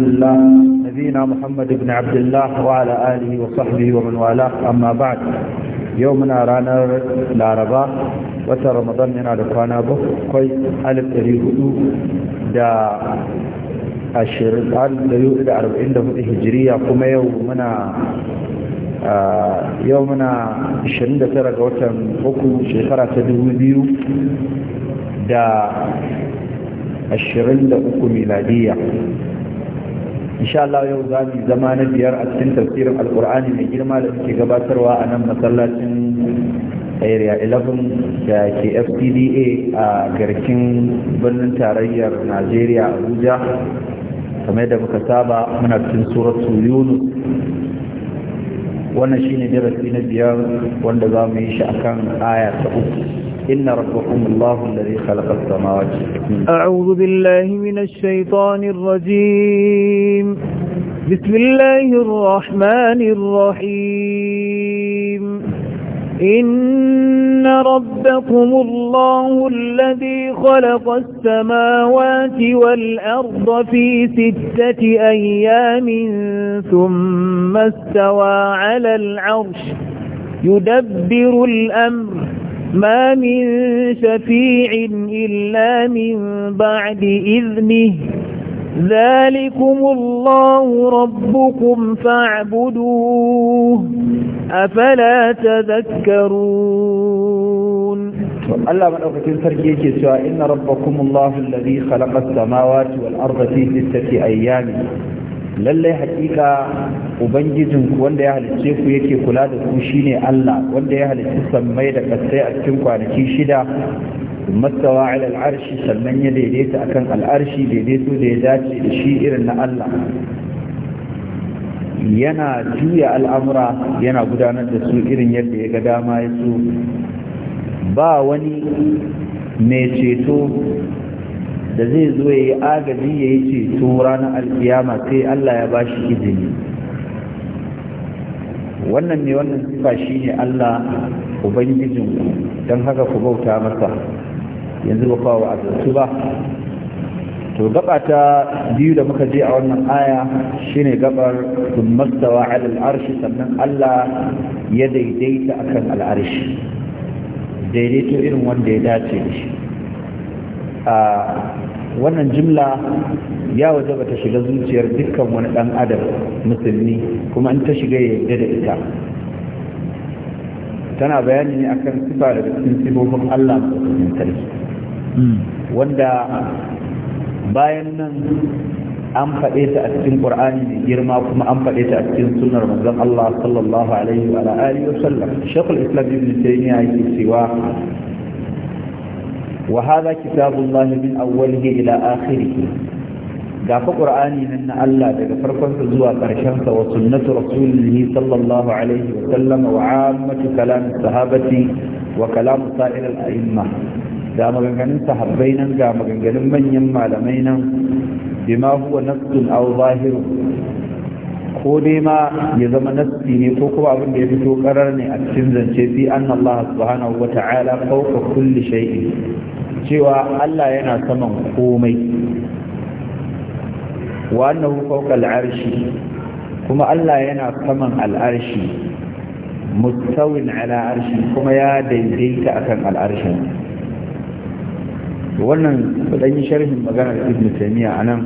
الله نبينا محمد بن عبد الله وعلى آله وصحبه ومن والاه أما بعد يومنا رانا لاربا watan ramadan yana da kwana bakwai alif ɗari hudu da ashirin da arba'in da hudu hijiriya kuma yau muna yau da tara ga watan uku shekara ta dubu biyu da ashirin da uku miladiya insha Allah yau za mu zama na biyar a cikin tafsirin alkur'ani mai girma da muke gabatarwa a nan masallacin area 11 da ke fcda a garkin birnin tarayyar najeriya abuja kamar da muka saba muna cikin suratu yunus wannan shine darasi na biyar wanda za mu yi shi akan aya ta uku إن ربكم الله الذي خلق السماوات أعوذ بالله من الشيطان الرجيم بسم الله الرحمن الرحيم إن ربكم الله الذي خلق السماوات والأرض في ستة أيام ثم استوى على العرش يدبر الأمر ما من شفيع إلا من بعد إذنه ذلكم الله ربكم فاعبدوه أفلا تذكرون الله من أخذ الفرقية سواء إن ربكم الله الذي خلق السماوات والأرض في ستة أيام lallai hakika ubangijin wanda ya halicce ku yake kula da ku shine Allah wanda ya halicci sammai da kasai a cikin kwanaki shida mastawa ala al'arshi sannan ya daidaita akan al'arshi daidaito da ya dace da shi irin na Allah yana juya al'amura yana gudanar da su irin yadda ya ga dama ya so ba wani mai ceto da zai zo ya yi agaji ya yi ceto ranar alkiyama sai Allah ya bashi izini wannan ne wannan sifa ne Allah ubangijinku don haka ku bauta masa yanzu ba kawo a ba to gaba ta biyu da muka je a wannan aya shine gabar mastawa ala arshi sannan Allah ya daidaita akan al'arshi daidaito irin wanda ya dace da shi a wannan jimla ya waje ba ta shiga zuciyar dukkan wani ɗan adam musulmi kuma in ta shiga ya yarda da ita tana bayani ne akan sifa da cikin sifofin Allah cikin sarki wanda bayan nan an faɗe ta a cikin Qur'ani mai girma kuma an faɗe ta a cikin sunnar manzon Allah sallallahu alaihi wa alihi wa sallam Sheikh islam Ibn Taymiyyah yake cewa وهذا كتاب الله من أوله إلى آخره gafa qur'ani na Allah daga farkonsa zuwa ƙarshensa wa sunnatu rasulihi sallallahu alaihi wa sallama wa ammatu kalam sahabati wa kalam sa'ir al-a'imma da maganganun sahabbai nan ga maganganun manyan malamai nan bima huwa nafsun aw zahiru ko dai ma ya zama nassi ne ko kuma abin da ya fito karar ne a cikin zance fi anna subhanahu wa ta'ala fawqa kulli shay'in cewa Allah yana saman komai wa annahu fawqa kuma Allah yana saman al'arshi mutawin mustawin ala arshi kuma ya daidaita akan al'arshin. wannan kudan sharhin maganar ibnu taymiya anan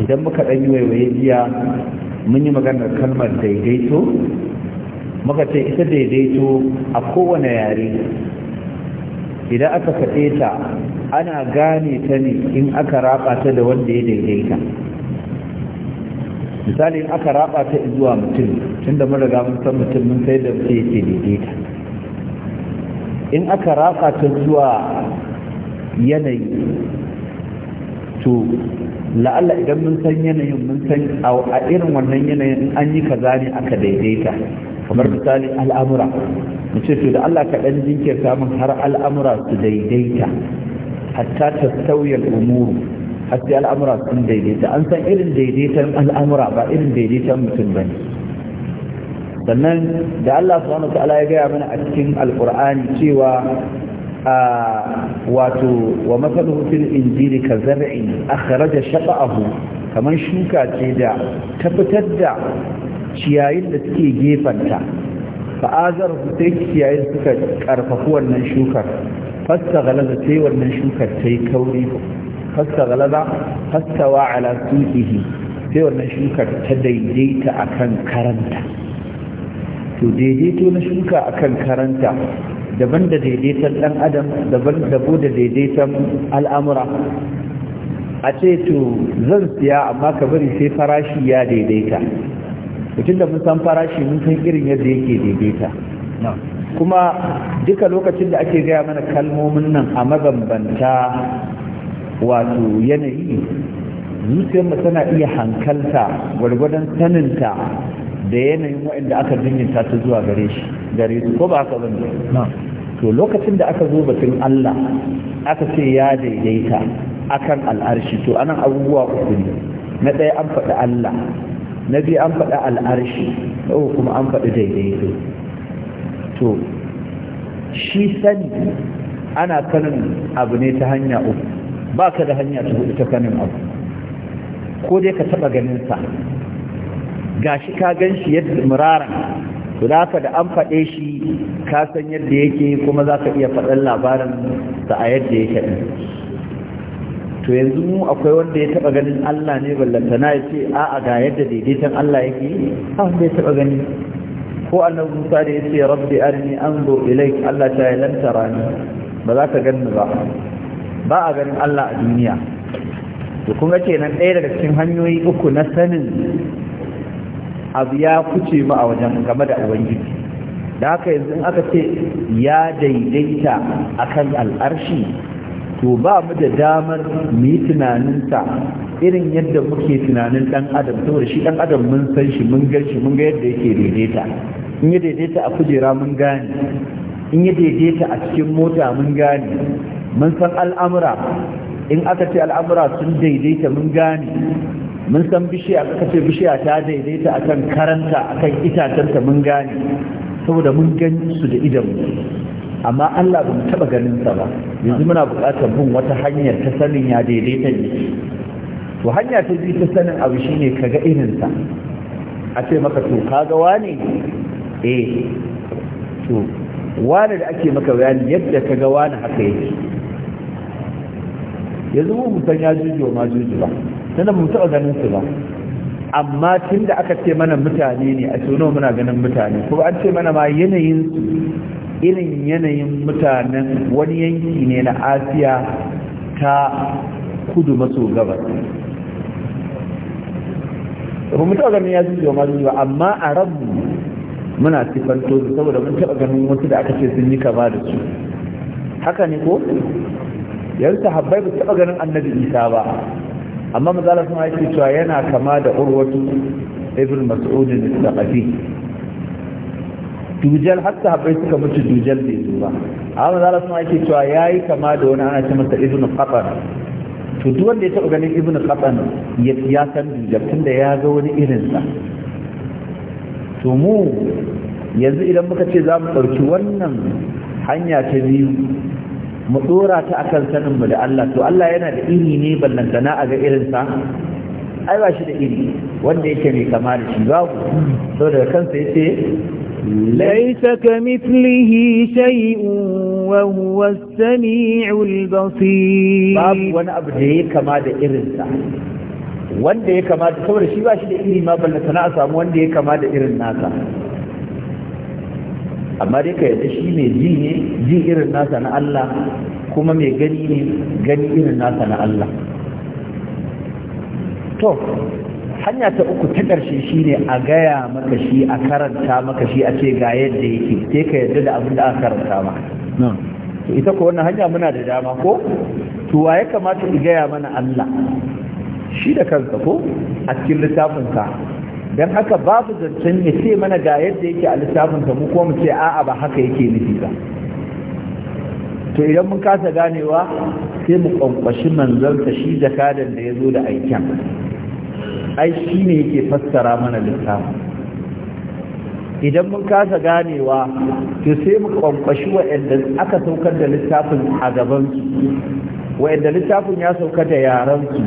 idan muka ɗan yi waiwaye jiya mun yi maganar kalmar daidaito muka ce ita daidaito a kowane yare idan aka faɗe ta ana gane ta ne in aka raba ta da wanda ya daidaita misali in aka raba ta zuwa mutum tunda da riga mun san mutum mun sai da mutum yake daidaita in aka raba ta zuwa yanayi to la'alla idan mun san yanayin mun san a irin wannan yanayin in an yi kaza ne aka daidaita kamar misali al'amura mu ce to da Allah ka dan jinkirta mun har al'amura su daidaita hatta ta sauya al'umuru al'amura sun daidaita an san irin daidaitan al'amura ba irin daidaitan mutum ne. sannan da Allah subhanahu wa ta'ala ya gaya mana a cikin alqur'ani cewa wato wa matsaluhu fil injili ka zar'i akhraja shata'ahu kaman shuka ce da ta fitar da ciyayin da suke gefanta fa azar sai ciyayin suka karfafu wannan shukar fasta galaza sai wannan shukar ta yi kauri fasta galaza fastawa ala suqihi sai wannan shukar ta daidaita akan karanta to daidaito na shuka akan karanta daban da daidaitan ɗan adam daban da da daidaitan al'amura a ce to zan siya amma ka bari sai farashi ya daidaita mutum da mun san farashi mun san irin yadda yake daidaita kuma duka lokacin da ake gaya mana kalmomin nan a mabambanta wato yanayi mu tana iya hankalta gwargwadon saninta da yanayin waɗanda aka jinyinta ta zuwa gare shi gare su ko ba haka bane to lokacin da aka zo batun Allah aka ce ya daidaita akan al'arshi to anan abubuwa uku ne na ɗaya an faɗi Allah na biyu an faɗi al'arshi na uku kuma an faɗi daidaito to shi sani ana kanin abu ne ta hanya uku ba ka da hanya ta hudu ta kanin abu ko dai ka taɓa ganin sa gashi ka gan shi yadda muraran to da da an faɗe shi ka san yadda yake kuma za ka iya faɗin labarin da a yadda yake ɗin to yanzu mu akwai wanda ya taɓa ganin Allah ne na ya ce a'a ga yadda daidaiton Allah yake a wanda ya taɓa gani ko annabi Musa da ya ce rabbi arni anzur ilayk Allah ta yi lan ba za ka ganni ba ba a ganin Allah a duniya to kun kenan ɗaya daga cikin hanyoyi uku na sanin abu ya kuce mu a wajen game da ubangiji da haka yanzu in aka ce ya daidaita akan al'arshi to ba mu da damar mu yi tunaninsa irin yadda muke tunanin dan adam saboda shi dan adam mun san shi mun gan shi mun ga yadda yake daidaita in ya daidaita a kujera mun gane in ya daidaita a cikin mota mun gane mun san al'amura in aka ce al'amura sun daidaita mun gane mun san bishiya aka ce bishiya ta daidaita akan karanta akan itatanta mun gane saboda mun gani su da idan amma Allah ba mu taɓa ganin sa ba yanzu muna buƙatar bin wata hanyar ta sanin ya daidaita ne to hanya ta bi ta sanin abu shine ka ga irin sa a ce maka to ka ga wani eh to wani da ake maka bayani yadda ka ga wani haka yake yanzu mu san ya jujo ma juju ba tunda mun taɓa ganin su ba amma tun da aka ce mana mutane ne a tuno muna ganin mutane ko an ce mana ma yanayin irin yanayin mutanen wani yanki ne na asiya ta kudu maso gabas ba mu taɓa ganin ya zuwa malu ba amma a rabu muna sifanto su saboda mun taɓa ganin wasu da aka ce sun yi kama da su haka ne ko yanzu sahabbai ba taɓa ganin annabi isa ba amma mazala sun haiti cewa yana kama da urwatu ibn mas'udin da ƙafi dujal hatta haɓai suka mutu dujal bai zo ba amma mazala sun haiti cewa ya yi kama da wani ana ce masa ibn qatar to duk wanda ya taɓa ganin ibn qatar ya san dujal tunda ya ga wani irinsa to mu yanzu idan muka ce za mu ɗauki wannan hanya ta biyu mu dora ta akan saninmu da Allah to Allah yana da iri ne ballantana a ga irinsa ai ba shi da iri wanda yake mai kama da shi babu so daga kansa yace laisa ka mithlihi shay'un wa huwa as-sami'ul basir babu wani abu da yake kama da irinsa wanda ya kama da saboda shi ba shi da iri ma ballantana a samu wanda ya kama da irin nasa amma dai ka yadda shi ne ji ne ji irin nasa na Allah kuma mai gani ne gani irin nasa na Allah to hanya ta uku ta ƙarshe shi ne a gaya maka shi a karanta maka shi a ce ga yadda yake sai ka yadda da abin da aka karanta ma. To ita ko wannan hanya muna da dama ko to wa ya kamata i gaya mana Allah shi da kansa ko a cikin littafinsa don haka babu zancen ya ce mana ga yadda yake a lissafin ta mu ko mu ce a'a ba haka yake nufi ba to idan mun kasa ganewa sai mu kwankwashi manzon ta shi jakadan da ya zo da aikin ai shi ne yake fassara mana lissafin idan mun kasa ganewa to sai mu kwankwashi waɗanda aka saukar da littafin a gabansu waɗanda littafin ya sauka da yaransu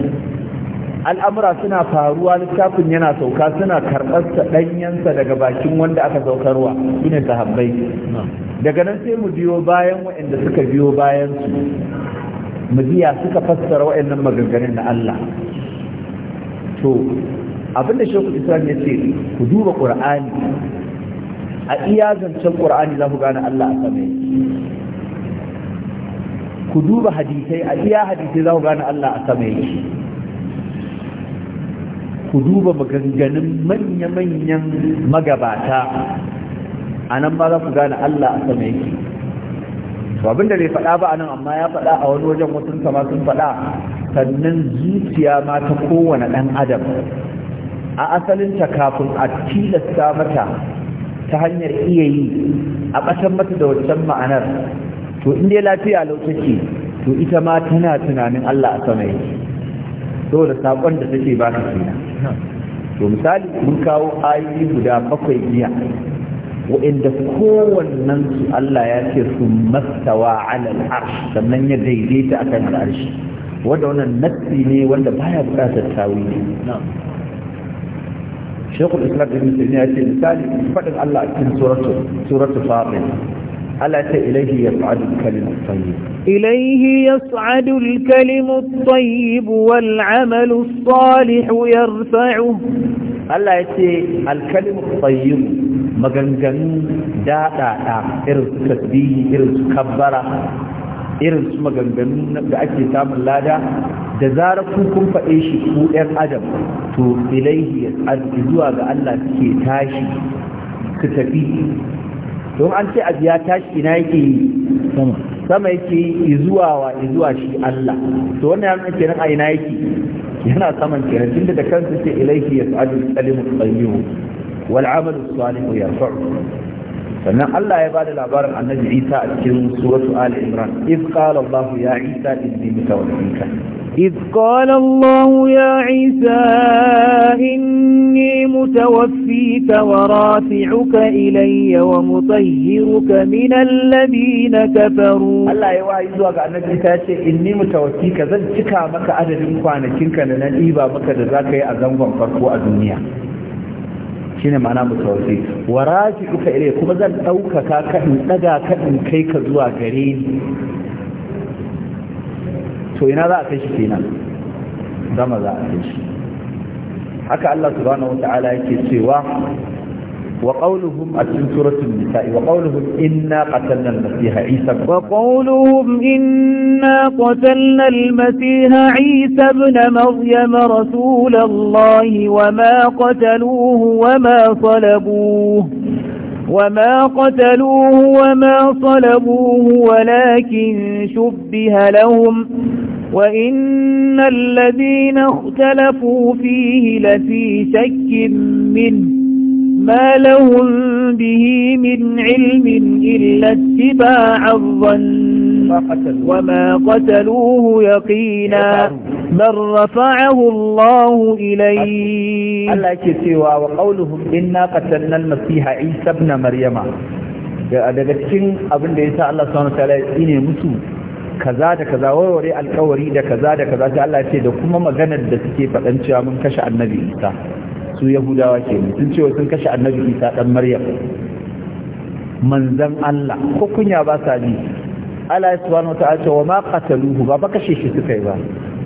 al'amura suna faruwa littafin yana sauka suna karɓarsa ɗanyensa daga bakin wanda aka saukarwa ne sahabbai daga nan sai mu biyo bayan waɗanda suka biyo bayan su mu biya suka fassara waɗannan maganganun na Allah to abinda shekul islam ya ce ku duba ƙur'ani a iya zancen ƙur'ani za ku gane Allah a sama ku duba hadisai a iya hadisai za ku gane Allah a sama yake ku duba maganganun manya-manyan magabata a nan ba za ku gane Allah a sama yake to abinda bai faɗa ba a nan amma ya faɗa a wani wajen wasu kama sun faɗa sannan zuciya ma ta kowane ɗan adam a asalinta kafin a tilasta mata ta hanyar iya yi a ƙasar mata da wancan ma'anar to inda ya lafiya lokaci to ita ma tana tunanin Allah a sama yake Dole saƙon da take ba ta to misali mun kawo ayi guda bakwai biya wa'inda kowannen su Allah ya ce su mastawa ala al-arsh sannan ya daidaita akan al-arsh wanda wannan nassi ne wanda baya buƙatar ne Sheikhul Islam Ibn Taymiyyah ya ce misali fadin Allah a cikin suratul suratul Fatiha Allah ce ilaihi yas'adu al-kalimu at-tayyib ilaihi ya al-kalimu at-tayyib wal 'amalu as-salih yarfa'uhu Allah ya ce al-kalimu at-tayyib maganganu daɗaɗa irin su tasbihi irin su kabbara irin su maganganu da ake samun lada da zarar ku kun faɗe shi ku ɗan adam to ilaihi yas'adu zuwa ga Allah suke tashi su tafi don an ce abu ya tashi ina yake yi sama yake yi zuwa wa zuwa shi Allah to wannan yana kenan a aina yake yana saman kenan tunda da kansa ce ilaihi yas'alu Salimu tayyibu wal amalu salihu yarfa'u sannan Allah ya bada labarin annabi Isa a cikin suratu Ali Imran iz qala Allah ya Isa inni mutawaffika إذ قال الله يا عيسى إني متوفيك ورافعك إلي ومطهرك من الذين كفروا الله يوعي زوغ عن نجلسة إني متوفيك ذل تكا مك أدد مقانا كنك لنن إيبا مك ذاك أزنبا فرقوا الدنيا shine ma'ana mutawaffi wa rafi'uka ilayya kuma zan ɗaukaka ka in ɗaga ka in kai ka zuwa gare ni to ina za a kai shi kenan حكى za a kai shi haka Allah subhanahu wata'ala yake cewa وقولهم أتن سورة النساء وقولهم إنا قتلنا المسيح عيسى وقولهم إنا قتلنا المسيح عيسى ابن مريم رسول الله وما قتلوه وما صلبوه وما قتلوه وما صلبوه ولكن شبه لهم وإن الذين اختلفوا فيه لفي شك منه ما لهم به من علم إلا اتباع الظن وما قتلوه يقينا بل رفعه الله إليه الله كسوا وقولهم إنا قتلنا المسيح عيسى ابن مريم daga cikin abin da ya الله Allah subhanahu wa kaza da kaza warware alkawari da kaza da kaza ta Allah ce da kuma maganar da suke faɗan cewa mun kashe annabi isa su yahudawa ke sun cewa sun kashe annabi isa ɗan maryam manzan Allah ko kunya ba sa ni Allah ya subhanahu wa ta'ala ce wa ma qataluhu ba ba kashe shi suka yi ba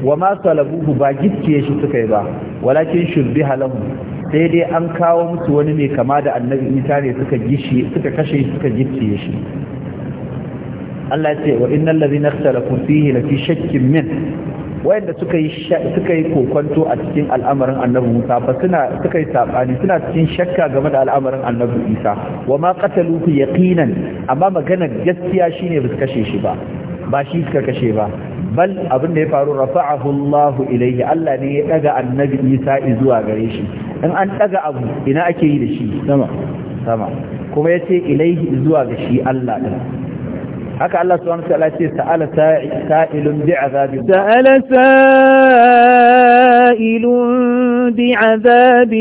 wa ma salabuhu ba gicciye shi suka yi ba walakin shubbiha lahum sai dai an kawo musu wani mai kama da annabi isa ne suka gishi suka kashe shi suka gicciye shi Allah ce wa innal ladhina ikhtalafu fihi fi shakkin min wayanda suka yi suka yi kokonto a cikin al'amarin Annabi Musa ba suna suka yi sabani suna cikin shakka game da al'amarin Annabi Isa wa ma qataluhu yaqinan amma magana gaskiya shine ba su kashe shi ba ba shi suka kashe ba bal abin da ya faru rafa'ahu Allah ilayhi Allah ne ya daga Annabi Isa zuwa gare shi in an daga abu ina ake yi da shi sama sama kuma yace ilaihi zuwa ga shi Allah din حكى الله سبحانه وتعالى سأل سائل بعذاب سأل سائل بعذاب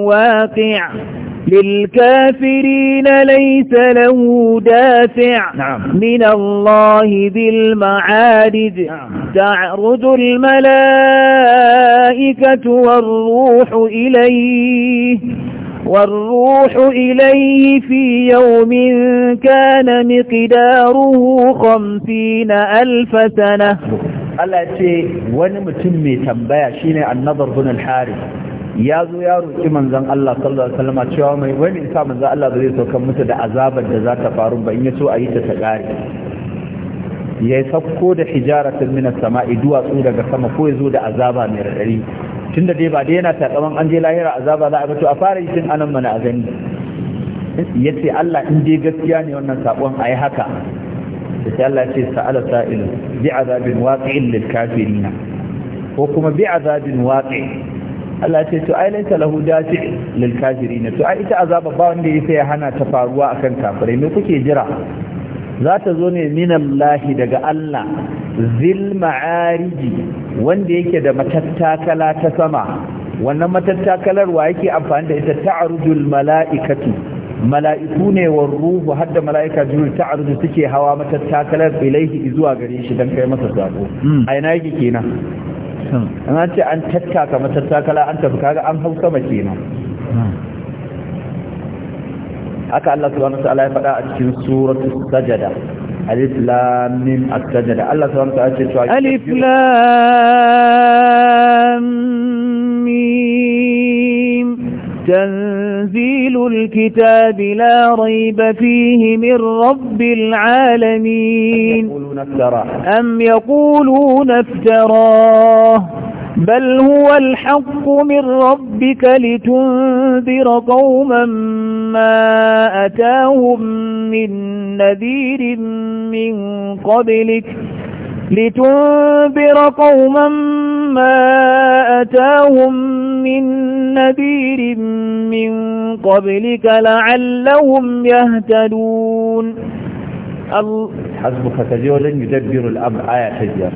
واقع للكافرين ليس له دافع نعم. من الله ذي المعارج نعم. تعرض الملائكة والروح إليه والروح إليه في يوم كان مقداره خمسين ألف سنة Allah ce wani mutum mai tambaya shine annabar bin al ya zo ya roƙi manzon Allah sallallahu alaihi wasallam cewa mai wani isa manzon Allah zai sauka musu da azabar da za faru ba in so ayi ta ta kare ya sauko da hijaratan min as-sama'i duwatsu daga sama ko ya da azaba mai radari tun da dai ba dai yana takaman an je lahira azaba za a ga to a fara yi tun anan mana a gani ya ce Allah in dai gaskiya ne wannan sakon a yi haka sai Allah ce sa'ala sa'ilu bi azabin waqi'in lil kafirina ko kuma bi azabin waqi Allah ce to ai laita lahu dafi lil kafirina to ai ita azaba ba wanda ya sai hana ta faruwa akan kafirai me kuke jira za ta zo ne lahi daga Allah zil ma'ariji wanda yake da matattakala ta sama wannan matattakalar wa yake amfani da ita ta'arujul mala'ikatu mala'iku ne wa ruhu hadda mala'ika ta ta'aruju suke hawa matattakalar ilaihi zuwa gare shi dan kai masa sako hmm. a ina yake kenan hmm. an ce an tattaka matattakala an tafi kaga an hau sama kenan hmm. haka Allah subhanahu wa ta'ala ya faɗa a cikin suratul sajada alif lam mim as-sajada Allah subhanahu wa ta'ala ya ce alif lam mim تنزيل الكتاب لا ريب فيه من رب العالمين أم يقولون افتراه بل هو الحق من ربك لتنذر قوما ما أتاهم من نذير من قبلك لتنذر قوما ما أتاهم من نذير من قبلك لعلهم يهتدون حسبك تجول يدبر الأمر آية تجير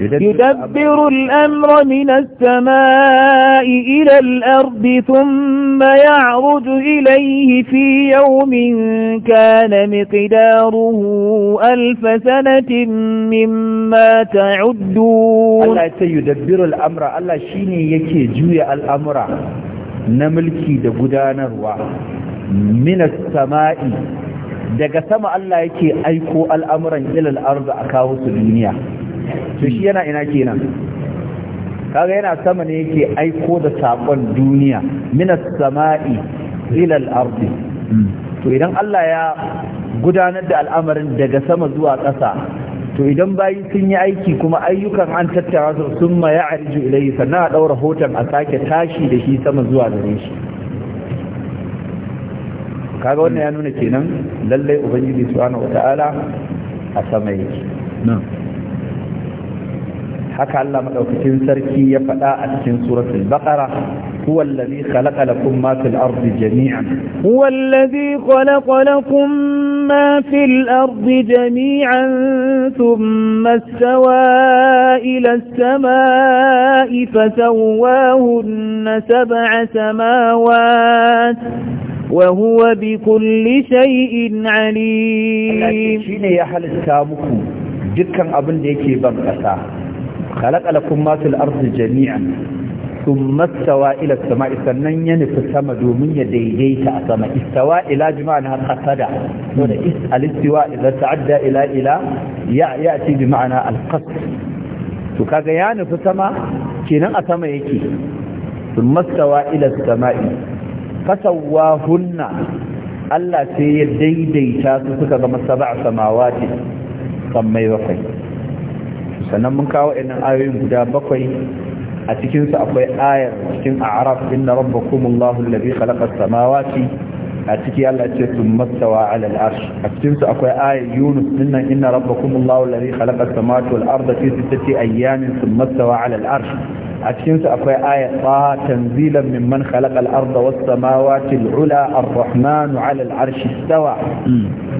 يدبر الأمر من السماء إلى الأرض ثم يعرج إليه في يوم كان مقداره ألف سنة مما تعدون الله يدبر الأمر الله شيني يكي جوي الأمر نملكي دقدان روا من السماء daga sama Allah yake aiko al'amuran ilal arzu a kawo su duniya to shi yana ina kenan kaga yana sama ne yake aiko da sakon duniya minas sama'i ila al-ardi to idan Allah ya gudanar da al'amarin daga sama zuwa ƙasa to idan bayi sun yi aiki kuma ayyukan an tattara su sun ma ya arju ilayhi sannan a ɗaura hoton a sake tashi da shi sama zuwa gare shi kaga wannan ya nuna kenan lallai ubangiji subhanahu wata'ala a sama yake haka Allah madaukakin sarki ya faɗa a cikin suratul baqara huwa allazi khalaqa lakum ma fil ardi jami'an huwa allazi khalaqa lakum ma fil ardi jami'an thumma istawa ila as-sama'i fasawwahunna sab'a samawati وهو بكل شيء عليم شيء يا حلتا muku dukkan abin da yake ban khalaqa lakum ma fil ardi jami'an thumma istawa ila as sannan ya nufi sama domin ya daidaita a sama istawa ila jima'an har qasada to da is al-istiwa ta'adda ila ila ya ya'ti ma'ana al-qasd to kaga ya nufi sama kenan a sama yake thumma istawa ila Allah sai ya daidaita su suka ga masaba samawati sannan mun kawo inan ayoyin guda bakwai a cikinsu akwai ayar cikin a'araf inna rabbakumullahu allazi khalaqa as-samawati a ciki Allah ce sun mastawa alal arsh a cikin su akwai ayat Yunus dinnan inna rabbakum Allahu alladhi khalaqa as-samawati wal arda fi sittati ayyamin sun mastawa alal arsh a cikin su akwai ayat ta tanzilan mimman khalaqa al-arda was samawati al-ula ar-rahmanu ala al-arsh istawa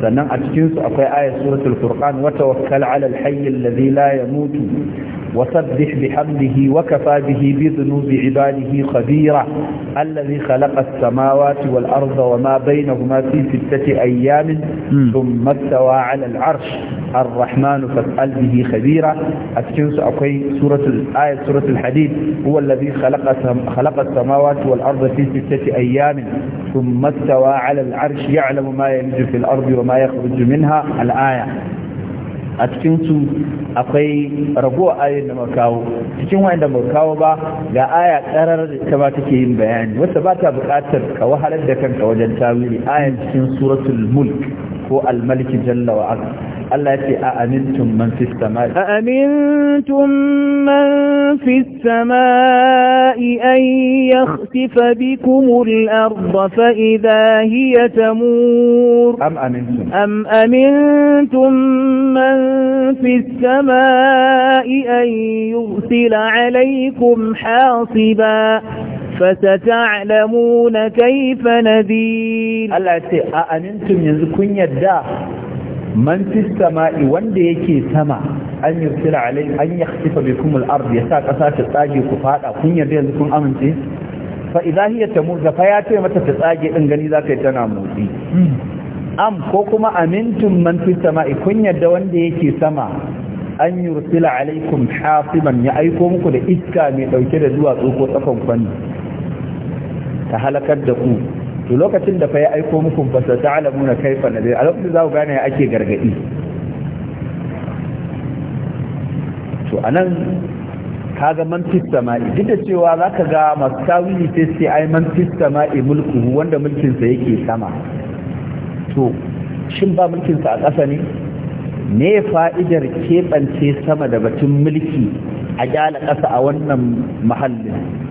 sannan a cikin su akwai ayat suratul furqan wa tawakkal ala al-hayy alladhi la yamutu وسبح بحمده وكفى به بذنوب عباده خبيرا الذي خلق السماوات والأرض وما بينهما في ستة أيام ثم استوى على العرش الرحمن فاسأل به خبيرا أتكنس أقوي سورة الآية سورة الحديد هو الذي خلق خلق السماوات والأرض في ستة أيام ثم استوى على العرش يعلم ما ينجو في الأرض وما يخرج منها الآية a cikin su akwai ragowa ayoyin da makawo cikin wanda makawo ba ga aya karar da ta ba take yin bayani wata ba ta buƙatar ka wahalar da kanka wajen tawili ayan cikin suratul mulk ko al-malik jalla wa التي أأمنتم من في السماء أأمنتم من في السماء أن يخسف بكم الأرض فإذا هي تمور أم أمنتم أم أمنتم من في السماء أن يرسل عليكم حاصبا فستعلمون كيف نذير التي أأمنتم ينزكون يدا man fi sama'i wanda yake sama an yursila alai an yakhsifa bikum al-ard yasa kasa ta tsage ku fada kun yarda yanzu kun amince fa idza hiya tamur da fa ya ce mata ta tsage din gani za yi tana motsi am ko kuma amintum man fi sama'i kun yarda wanda yake sama an yursila alaikum hasiban ya aiko muku da iska mai dauke da duwatsu ko tsakon kwani ta halakar da ku to lokacin da fa ya aiko muku ba sa na kaifa nadir a lokacin za ku gane ya ake gargadi to anan ga man fis sama'i duk da cewa ka ga masu tawili sai sai ai man fis sama'i mulku wanda mulkin sa yake sama to shin ba mulkin sa a ƙasa ne me fa'idar keɓance sama da batun mulki a ƙyala ƙasa a wannan mahallin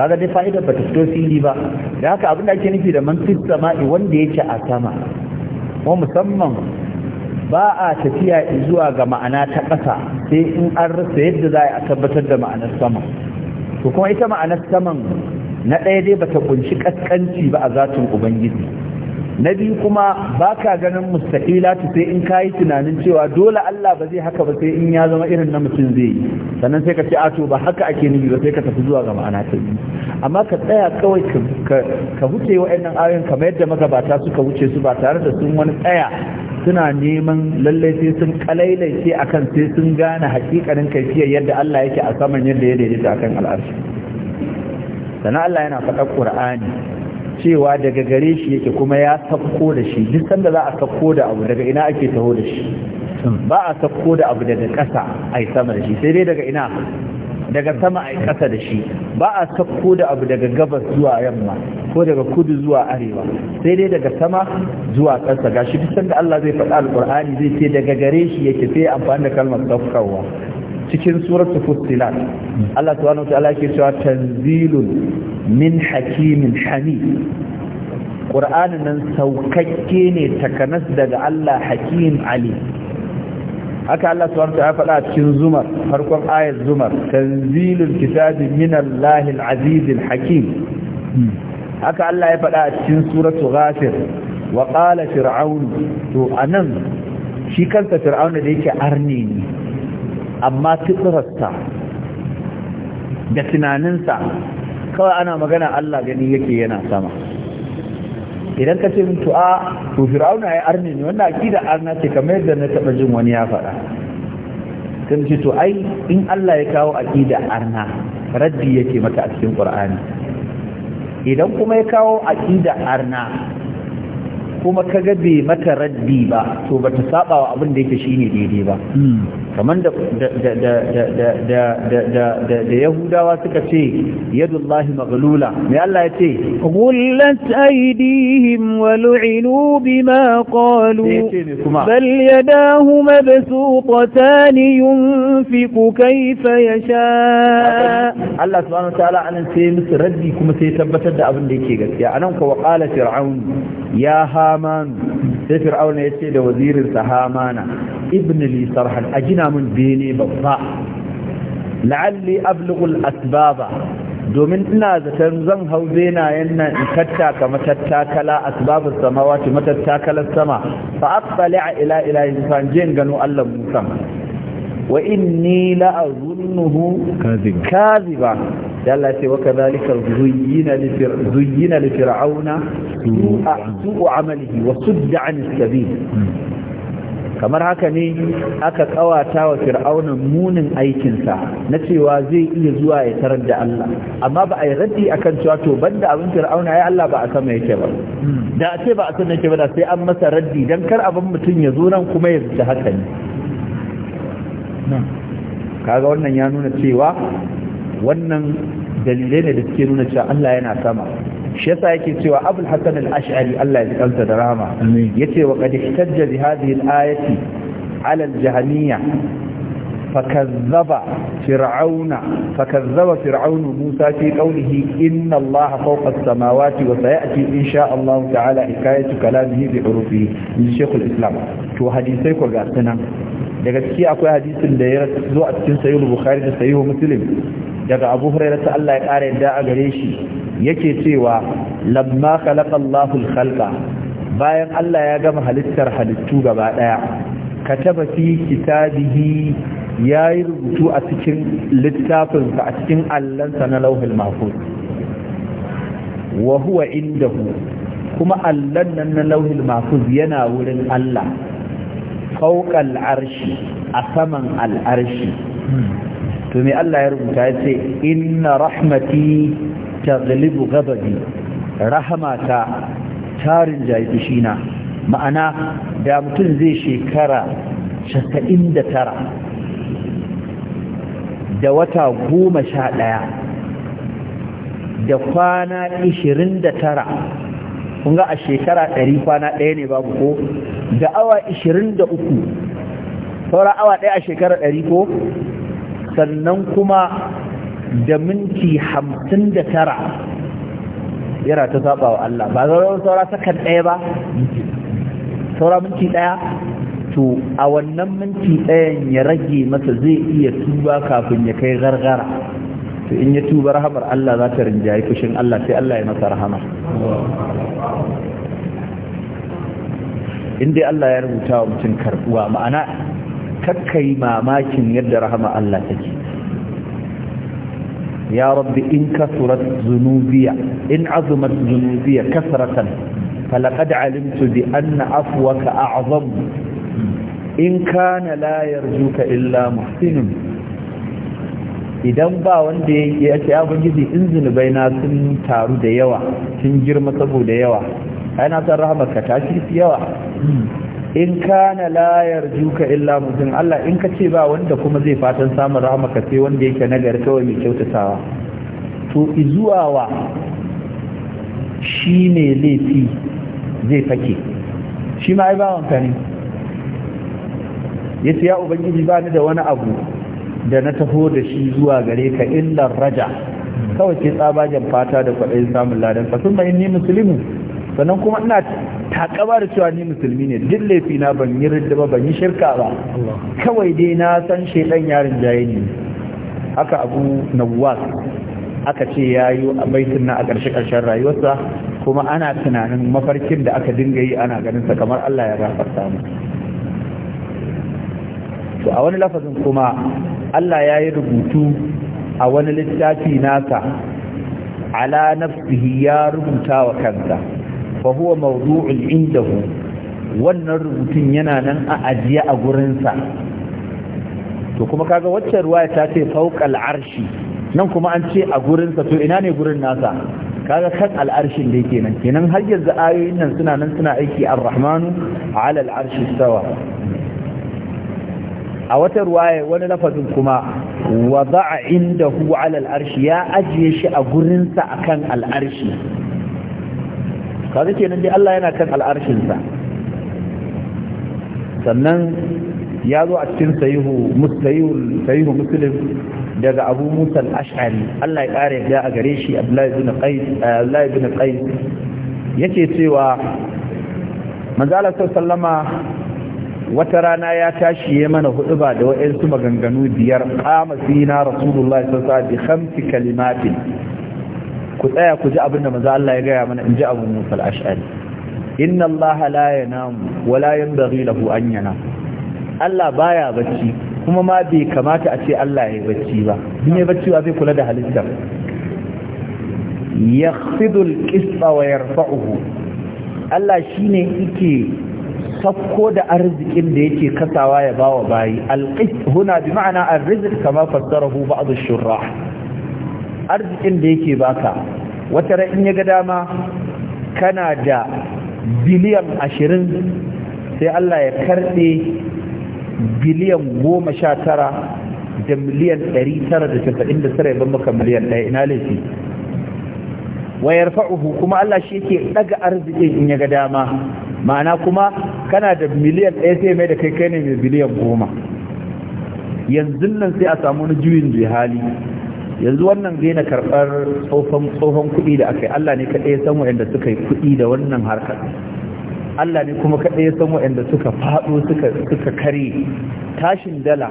kaga dai fa'idar ba ta fito fili ba da haka abin da ake nufi da man fi sama'i wanda yake a sama kuma musamman ba a tafiya zuwa ga ma'ana ta ƙasa sai in an rasa yadda za a tabbatar da ma'anar sama to kuma ita ma'anar saman na ɗaya dai ba ta kunshi ƙasƙanci ba a zatin ubangiji na biyu kuma ba ka ganin mustaqilatu sai in ka yi tunanin cewa dole Allah ba zai haka ba sai in ya zama irin na mutum zai yi sannan sai ka ce ato ba haka ake nufi ba sai ka tafi zuwa ga ma'ana ta yi amma ka tsaya kawai ka wuce wa'annan ayoyin kamar yadda magabata suka wuce su ba tare da sun wani tsaya suna neman lallai sai sun kalailaice akan sai sun gane hakikanin kaifiyar yadda Allah yake a saman yadda ya daidaita akan al'arshi sannan Allah yana faɗa ƙur'ani cewa daga gare shi yake kuma ya sakko da shi duk sanda za a sakko da abu daga ina ake taho da shi ba a sakko da abu daga ƙasa a yi sama da shi sai dai daga ina daga sama a yi ƙasa da shi ba a sakko da abu daga gabas zuwa yamma ko daga kudu zuwa arewa sai dai daga sama zuwa ƙasa gashi duk sanda Allah zai faɗa alƙur'ani zai ce daga gare shi yake sai amfani da kalmar sakkawa cikin suratu fussilat Allah subhanahu wataala yake cewa tanzilun min hakimin hamid nan saukakke ne takanas daga Allah hakim ali haka Allah subhanahu wataala faɗa cikin zumar farkon ayar zumar tanzilul kitabi min Allahil azizil hakim haka Allah ya faɗa cikin suratu ghafir wa qala fir'aun to anan shi kansa fir'aunu da yake arni ne amma fitrarsa da tunaninsa kawai ana magana Allah gani yake yana sama idan ka ce mintu a to fir'auna ya arne ne wannan akida arna ce kamar yadda na taba jin wani ya faɗa kan ce to ai in Allah ya kawo akida arna raddi yake mata a cikin qur'ani idan kuma ya kawo akida arna kuma kaga bai mata raddi ba to bata saɓa wa abin da yake shine daidai ba hmm. kamar da yahudawa suka ce yadullahi maglula mai Allah ya ce gullat aidihim wa lu'inu bima qalu bal yadahu mabsuutatan yunfiqu kayfa yasha Allah subhanahu wataala anan sai musu raddi kuma sai tabbatar da abin da yake gaskiya anan ko qala fir'aun ya haman sai fir'aun ya ce da wazirin sa hamana ibn li sarhan ajina gina mun bene babba la'alli ablughul asbaba domin ina zaton zan hau benayen nan in tattaka matattakala sama, wace matattakalar sama fa a ila ila fa jin gano Allah Musa wa inni la azunnuhu kadhiba yalla ce wa kadhalika zuyyina li zuyyina li fir'auna su'u amalihi wa sudda 'an sabil hmm. kamar haka ne aka kawata wa fir'auna munin aikinsa na cewa zai iya zuwa ya tarar da Allah amma ba a yi raddi akan cewa to banda abin fir'auna ya Allah ba a sama yake ba da a ce ba a sama yake ba da sai an masa raddi dan kar abin mutum ya zo nan kuma ya zuci haka ne kaga wannan ya nuna cewa wannan dalilai ne da suke nuna cewa Allah yana sama shi yasa yake cewa abul hasan al-ash'ari Allah ya kanta da rahama yace wa qad ihtajja bi hadhihi ayati ala al-jahmiyya fakazzaba fir'auna fakazzaba fir'aunu musa fi qawlihi inna allaha fawqa as-samawati wa sayati in sha allah ta'ala hikayatu kalamihi bi hurufihi min shaykh al-islam to hadisi ko ga daga ciki akwai hadisin da ya zo a cikin sahih al-bukhari da sahih muslim daga abu hurairah ta Allah ya ƙara yadda a gare shi yake cewa lamma khalaqa Allahu khalqa bayan Allah ya gama halittar halittu gaba daya kataba fi kitabihi yayi rubutu a cikin littafin sa a cikin allansa na lauhul mahfuz wa huwa indahu kuma allan nan na lauhul mahfuz yana wurin Allah fawqa al-arshi a saman al-arshi to me Allah ya rubuta ya ce inna rahmati taglibu gababi rahmata tarin jayi ma'ana da mutum zai shekara 99 da wata goma sha ɗaya da kwana 29 kun ga a shekara 100 kwana ɗaya ne babu ko da awa 23 saura awa ɗaya a shekara 100 ko sannan kuma da minti hamsin da tara yana ta saba wa Allah ba zauren saura sakan ɗaya ba saura minti ɗaya to a wannan minti ɗayan ya rage masa zai iya tuba kafin ya kai gargara to in ya tuba rahamar Allah za ta rinjaye fushin Allah sai Allah ya masa rahama in dai Allah ya rubuta wa mutum karɓuwa ma'ana kakkai mamakin yadda rahama Allah take ya rabbi in kasurat zunubiya in azumat zunubiya kasratan falaqad alimtu bi anna afwaka a'zam in kana la yarjuka illa muhsinun idan ba wanda ya ce ya bangiji in zunubai na sun taru da yawa sun girma saboda yawa ai na san ka tashi fi yawa in kana layar juka illa mutum Allah in ka ce ba wanda kuma zai fatan samun rahamaka sai wanda yake nagari kawai mai kyautatawa to izuwa wa shi ne laifi zai fake shi ma ai ba ka ne ya ya ubangiji ba ni da wani abu da na taho da shi zuwa gare ka illa raja kawai ke tsabagen fata da kwaɗayin samun ladan fasun bayan ni musulmi sannan kuma ina takaba da cewa ni musulmi ne duk laifi na ban yi ridda ba ban yi shirka ba kawai dai na san shaidan yarin jaye ne haka abu nawwas aka ce ya yi a baitin na a ƙarshe ƙarshen rayuwarsa kuma ana tunanin mafarkin da aka dinga yi ana ganin sa kamar Allah ya gafarta mu to a wani lafazin kuma Allah ya yi rubutu a wani littafi nasa ala nafsihi ya rubuta wa kansa fa huwa mawdu'un wannan rubutun yana nan a ajiye a gurinsa to kuma kaga waccan ruwaya ta ce "faukal arshi nan kuma an ce a gurinsa to ina ne gurin nasa kaga kan al'arshin dai kenan kenan har yanzu ayoyin nan suna nan suna aiki ar-rahmanu ala al'arshi sawa a wata ruwaya wani lafazin kuma wada'a indahu ala al'arshi ya ajiye shi a gurinsa akan al'arshi kaga kenan dai Allah yana kan al'arshinsa sannan ya zo a cikin sayihu musulun daga abu Musul al-ash'ari Allah ya kare ya a gare shi Abdullahi ibn Qais Abdullahi ibn cewa manzala sallama wata rana ya tashi ya mana hudu ba da wa'yansu maganganu biyar kama fina rasulullahi sallallahu alaihi wasallam bi khamsi kalimatin ku tsaya ku ji abin da maza Allah ya gaya mana in ji Abu Musa ashari inna Allah la yanam wa la yanbaghi lahu an yana. Allah baya bacci kuma ma bai kamata a ce Allah ya bacci ba in ya bacci ba zai kula da halittar yakhfidu al-qisfa wa yarfa'uhu Allah shine yake sakko da arzikin da yake kasawa ya bawa bayi al huna bi ma'ana ar-rizq kama fassarahu ba'd ash-shurrah arzikin da yake baka wata ran in ya ga dama kana da biliyan ashirin sai Allah ya karɗe biliyan goma sha tara da miliyan ɗari tara ban maka miliyan ɗaya ina laifi wa yarfa'uhu kuma Allah shi yake ɗaga arzikin in ya ga dama ma'ana kuma kana da miliyan ɗaya sai mai da kai kai ne mai biliyan goma yanzu nan sai a samu wani juyin hali yanzu wannan daina karɓar tsohon kuɗi da aka yi Allah ne kaɗai san waɗanda suka yi kuɗi da wannan harkar Allah ne kuma kaɗai san waɗanda suka faɗo suka kare tashin dala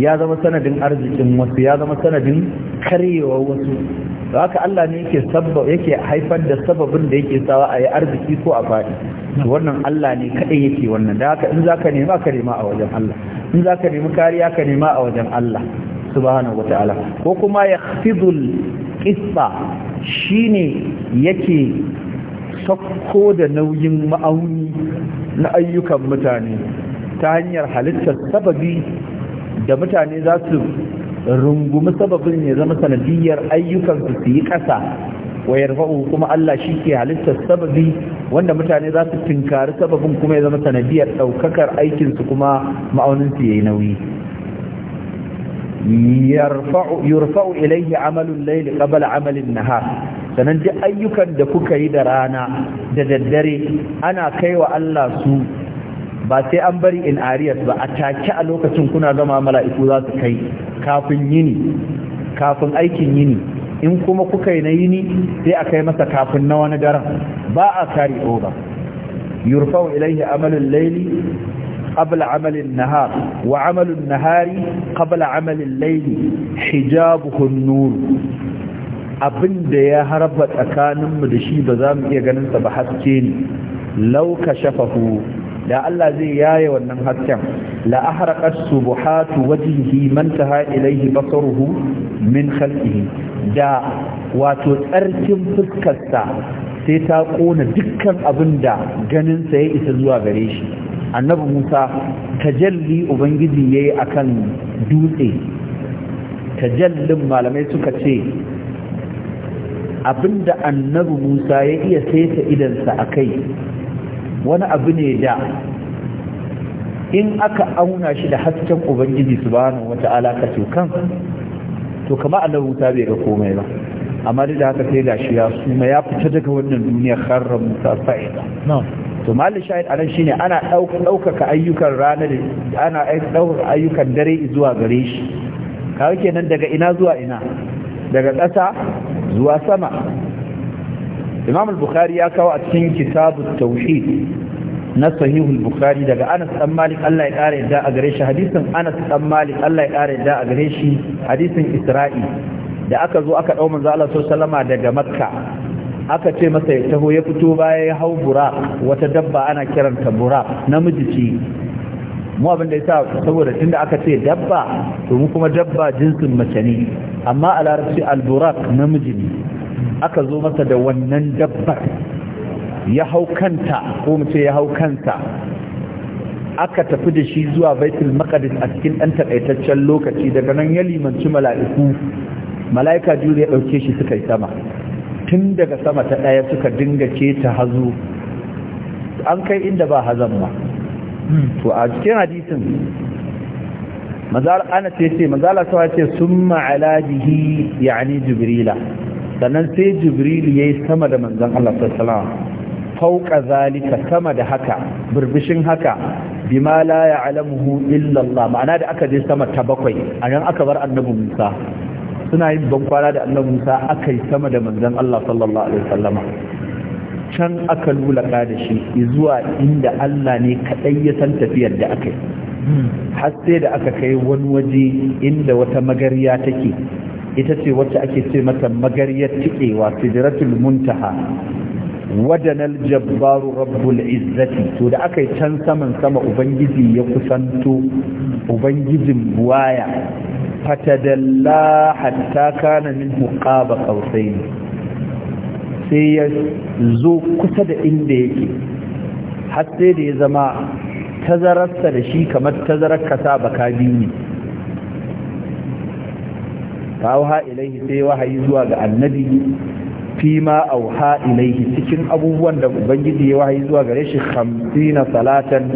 ya zama sanadin arzikin wasu ya zama sanadin karewa wasu da haka Allah ne yake sabba yake haifar da sababin da yake sawa a yi arziki ko a faɗi wannan Allah ne kaɗai yake wannan da haka in za ka nema ka nema a wajen Allah in za ka nemi kariya ka nema a wajen Allah subhanahu wataala ko kuma yakhfidul qissa shine yake sakko da nauyin ma'auni na ayyukan mutane ta hanyar halittar sababi da mutane za su rungumi sababin ya zama sanadiyar ayyukansu su yi ƙasa wayar fa'u kuma Allah shi ke halittar sababi wanda mutane za su tinkari sababin kuma ya zama sanadiyar ɗaukakar aikinsu kuma ma'auninsu ya yi nauyi yarfa'u yurfa'u ilayhi amalul layli qabla amalin nahar sanan duk ayyukan da kuka yi da rana da daddare ana kaiwa Allah su ba sai an bari in ariyas ba a take a lokacin kuna gama mala'iku za su kai kafin yini kafin aikin yini in kuma kuka yi na yini sai a kai masa kafin na wani daren ba a kari over yurfa'u ilayhi amalul layli قبل عمل النهار وعمل النهار قبل عمل الليل حجابه النور abin da ya harba tsakaninmu da shi ba za mu iya ganinsa ba haske ne lauka shafahu da Allah zai yaye wannan hasken la ahraqat subuhatu wajhihi man taha ilayhi basaruhu min khalqihi da wato tsarkin fuskarsa sai ta kona dukkan abin da ganinsa ya isa zuwa gare shi annabi musa tajalli ubangiji ya yi a kan dutse tajallin malamai suka ce abinda annabi musa ya iya saita idansa a kai wani abu ne da in aka auna shi da hasken ubangiji subhanahu wata'ala ka kan to kama annabi musa bai ga komai ba amma da haka sai da shi ya suma ya fita daga wannan duniya kharra musa sa'ida to malin shahid anan shine ana ɗaukaka ayyukan ranar ana ɗaukaka ayyukan dare zuwa gare shi kawai kenan daga ina zuwa ina daga ƙasa zuwa sama imam al-bukhari ya kawo a cikin kitabu tauhid na sahihul bukhari daga anas dan malik Allah ya kare da a gare shi hadisin anas dan malik Allah ya kare da a gare shi hadisin isra'i da aka zo aka dau manzo Allah sallallahu alaihi wasallama daga makka aka ce masa ya taho ya fito baya ya hau bura wata dabba ana kiranta bura namiji ce mu abin da yasa saboda tunda aka ce dabba to mu kuma dabba jinsin mace ne amma a larabci alburak namiji ne aka zo masa da wannan dabbar ya hau kanta ko mu ce ya hau kanta aka tafi da shi zuwa baitul maqdis a cikin ɗan takaitaccen lokaci daga nan ya limanci mala'iku mala'ika juri ya ɗauke shi suka yi sama tun daga sama ta ɗaya suka dinga keta hazo an kai inda ba hazan ba to a cikin hadisin ana ce ce mazala sawa ce sun ma'ala jihi yani jibrila sannan sai jibril ya yi sama da manzan Allah sassalama fauka zalika sama da haka birbishin haka bima la ya'lamuhu illa Allah ma'ana da aka je sama ta bakwai a nan aka bar annabi musa suna yin kwana da annabi Musa aka yi sama da manzon Allah sallallahu alaihi wasallama can aka lulaka da shi zuwa inda Allah ne kadai ya san tafiyar da aka yi har sai da aka kai wani waje inda wata magariya take ita ce wacce ake ce mata magariyar tikewa sidratul muntaha wadanal jabbaru rabbul izzati to da aka yi can saman sama ubangiji ya kusanto ubangijin buwaya fatadalla hatta kana min huqaba qausain sai ya zo kusa da inda yake har sai da ya zama tazararsa da shi kamar tazarar kasa baka bi ne fa ilaihi sai wahayi zuwa ga annabi Fima ma auha ilaihi cikin abubuwan da ubangiji ya wahayi zuwa gare shi 50 salatan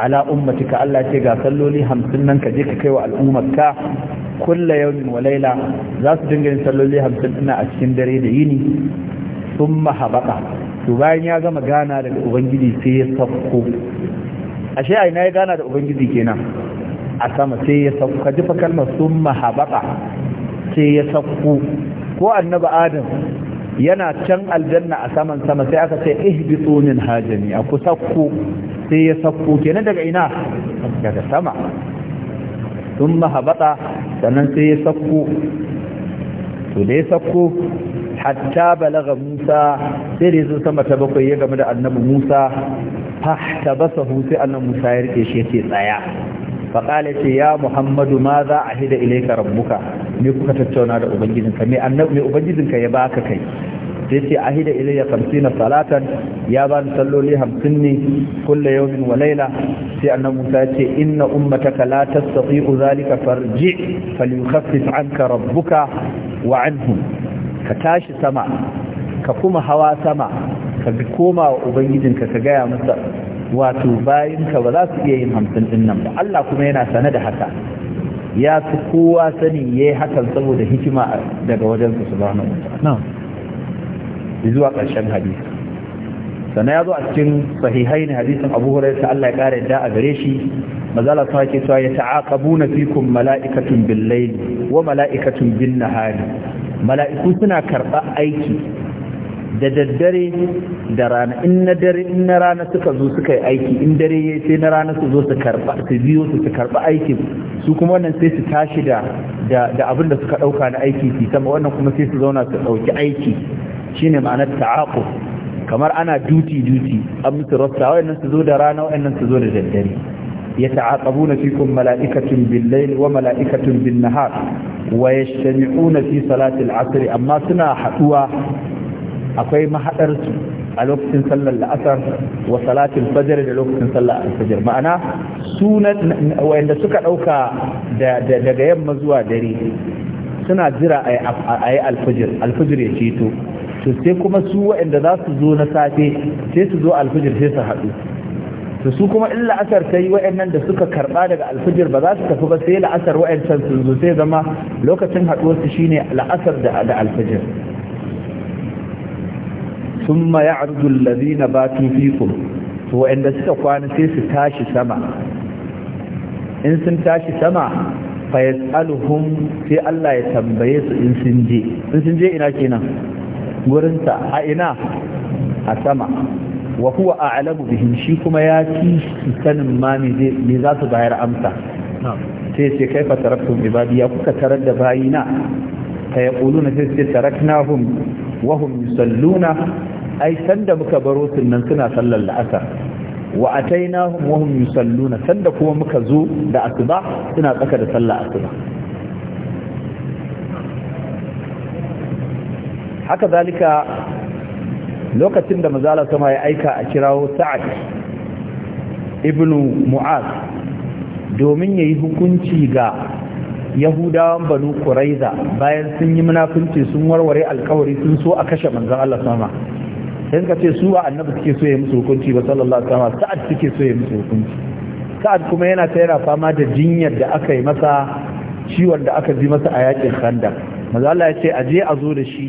ala ummatika Allah ce ga salloli 50 nan ka je ka kai wa al'ummarka kulla yawmin wa laila za su dinga yin salloli 50 ina a cikin dare da yini thumma habaka to bayan ya gama gana daga ubangiji sai ya sauko ashe a ina ya gana da ubangiji kenan a sama sai ya sauko ka ji fa kalmar thumma habaka sai ya sauko ko annabi adam yana can aljanna a saman sama sai aka ce ih ihbitu min hajami a ku sakku sai ya sakku kenan daga ina daga sama thumma habata sannan sai ya sakku to da ya sakku hatta balaga Musa sai da zo sama ta bakwai ya game da annabi Musa basa sai annabi Musa ya rike shi yace tsaya faqala ce ya Muhammadu ma za a hida ilayka rabbuka me kuka tattauna da ubangijinka me annabi me ubangijinka ya baka kai sai ce ahida ilayya khamsina salatan ya bani salloli hamsin ne kulla yawmin wa laila sai annabi Musa yace ce inna ummataka la tastati'u zalika farji falyukhaffif anka rabbuka wa anhum ka tashi sama ka kuma hawa sama ka bi koma wa ubangijinka ka gaya masa wato ka ba za su iya yin hamsin din nan ba Allah kuma yana sane da haka ya fi kowa sani ya yi hakan saboda hikima daga wajensa subhanahu wa ta'ala zuwa ƙarshen hadisi sannan ya zo a cikin sahihai ne hadisin abu hurairu ta Allah ya ƙara yadda a gare shi mazala sun ake cewa ya ta'aqabuna fikum mala'ikatun bil layli wa mala'ikatun bin nahari mala'iku suna karɓa aiki da daddare da rana in na dare in na rana suka zo suka yi aiki in dare yayi sai na rana su zo su karba su biyo su su karba aikin su kuma wannan sai su tashi da da abin da suka ɗauka na aiki su sama wannan kuma sai su zauna su ɗauki aiki shine ma'anar ta'aqub kamar ana duty duty an musu rasta wayannan su zo da rana wayannan su zo da daddare yata'aqabuna fikum mala'ikatun bil-layli wa mala'ikatun bin-nahar wa yajtami'una fi salati al-'asr amma suna haduwa akwai mahadar su a lokacin sallar la'asar wa salatin fajr da lokacin sallar al-fajr ma'ana sunan wayanda suka dauka daga yamma zuwa dare suna jira ayi al-fajr al-fajr ya ceto to sai kuma su waɗanda za su zo na safe sai su zo alfijir sai su haɗu to su kuma in la'asar ta yi waɗannan da suka karɓa daga alfijir ba za su tafi ba sai la'asar waɗancan sun zo sai zama lokacin haɗuwarsu ne la'asar da alfijir ثم ba الذين باتوا فيكم waɗanda suka kwana sai su tashi sama in sun tashi sama fa yasaluhum sai Allah ya tambaye su in sun je in sun je ina kenan gurinsa a ina a sama wa a a'lamu bihim shi kuma ya ci sanin ma me za su bayar amsa sai ce kaifa taraktum ibadi ya kuka tarar da bayina fa yaquluna sai ce taraknahum wa hum yusalluna ai sanda muka baro su suna sallar la'asar wa atainahum wa hum yusalluna sanda kuma muka zo da asuba suna tsaka da sallar asuba haka zalika lokacin da mazala sama ya aika a kirawo sa'ad Ibn mu'az domin yayi hukunci ga yahudawan banu quraiza bayan sun yi munafunci sun warware alkawari sun so a kashe manzon Allah sama sai ka ce su wa annabi suke so ya musu hukunci ba sallallahu alaihi wasallam sa'ad suke so ya musu hukunci sa'ad kuma yana ta yana fama da jinyar da aka yi masa ciwon da aka ji masa a yakin sanda manzo Allah ya ce aje a zo da shi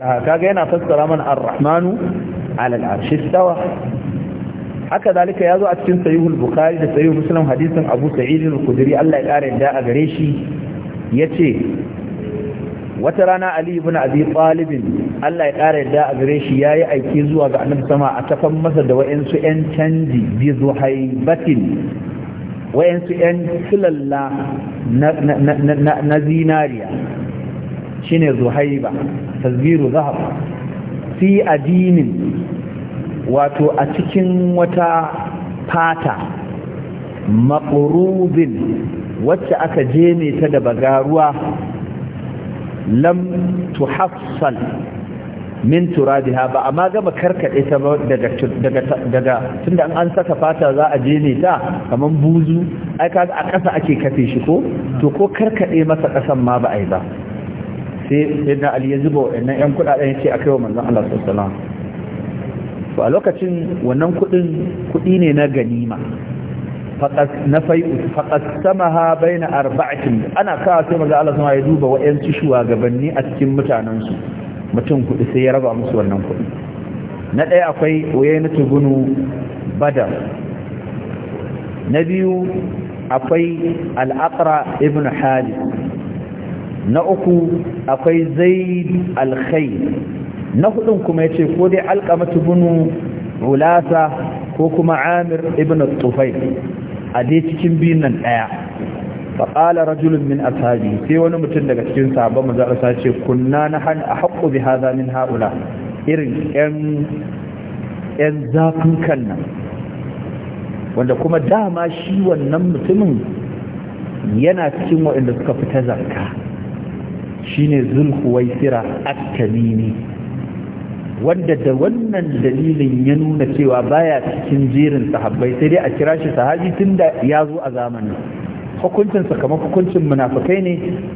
Ah, kaga yana fassara mana ar-rahmanu ala al-arsh istawa haka dalika yazo a cikin sahih al-bukhari da sahih muslim hadisin abu sa'id al-khudri Allah ya kare da a gare shi yace wata rana ali ibn abi talibin Allah ya ƙara yadda a gare shi yayi aiki zuwa ga annabi sama a tafan masa da wayansu yan canji bi zuhaibatin wayansu yan filalla na zinariya shine zuhaiba tazbiru zahab fi adinin wato a cikin wata fata maƙurubin wacce aka je ta da bagaruwa lam tuhassal min turadiha ba amma gama karkade ta daga daga tunda an saka fata za a jene ta kaman buzu ai ka a ƙasa ake kafe shi ko to ko karkade masa ƙasan ma ba ai ba sai sai da Ali ya zuba wannan yan kudaden yace akai wa manzon Allah sallallahu alaihi wasallam to a lokacin wannan kudin kudi ne na ganima na nafai sama ha na arba'atin ana kawo sai maza Allah sama ya duba wa'yansu shugabanni a cikin mutanensu mutum kudi sai ya raba musu wannan kudi na ɗaya akwai wayna badar na biyu akwai al-aqra ibn halid na uku akwai zaid alkhai na hudun kuma yace ko dai alƙamatu bunu ulasa ko kuma amir ibn tufai a dai cikin biyun nan ɗaya faƙala rajulun min ashabi sai wani mutum daga cikin sabon mazarasa ce kunna na han a haƙƙo bi hadha min haula irin 'yan zafin kan wanda kuma dama shi wannan mutumin yana cikin waɗanda suka fita zakka shine zulhuwaisira at-tamimi wanda da wannan dalilin ya nuna cewa baya cikin jerin sahabbai sai dai a kira shi sahabi da ya zo a zamani. hukuncin kamar hukuncin munafikai ne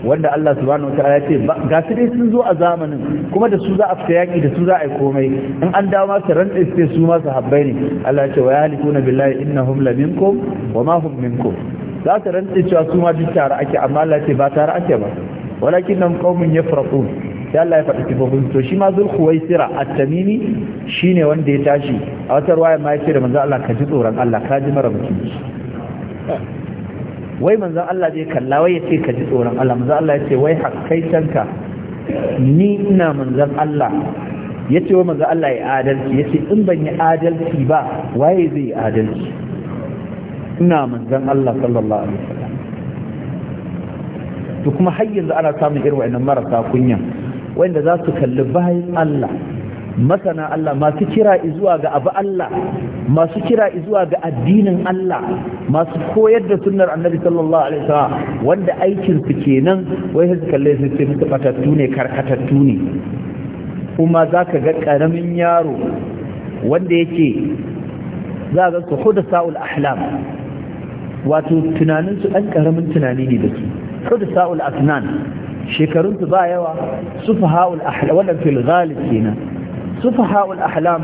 wanda Allah subhanahu wataala ya ce ga su dai sun zo a zamanin kuma da su za a fita yaki da su za a yi komai in an dawo masa ran sai su ma sahabbai ne Allah ya ce wa yalikuna billahi innahum la minkum wa ma hum minkum za su rantsa cewa su ma duk tare ake amma Allah ya ce ba tare ake ba walakin nan qaumun yafraqun sai Allah ya faɗi sifofin to shi ma zulhuwaisira at-tamimi shine wanda ya tashi a wata ruwaya ma yace da manzo Allah ka ji tsoron Allah ka ji mara mutunci wai manzo Allah zai kalla wai yace ka ji tsoron Allah manzo Allah yace wai hakkaitanka ni ina manzon Allah yace wai manzo Allah ya adalci yace in ban yi adalci ba waye zai yi adalci ina manzon Allah sallallahu alaihi wasallam to kuma har yanzu ana samun irin wa'annan marasa kunya wanda za su kalli bayan Allah masana Allah masu kira zuwa ga abu Allah masu kira zuwa ga addinin Allah masu koyar da sunnar annabi sallallahu alaihi wasallam wanda aikin su kenan wai su kalle su ce musu fatattu ne karkatattu ne kuma zaka ga karamin yaro wanda yake za ga su Sa'ul ahlam wato tunanin su dan karamin tunani ne da su Sa'ul asnan Shekarunsu ba yawa sufaha'ul ahlam wannan fil ghalib kenan sufaha'ul ahlam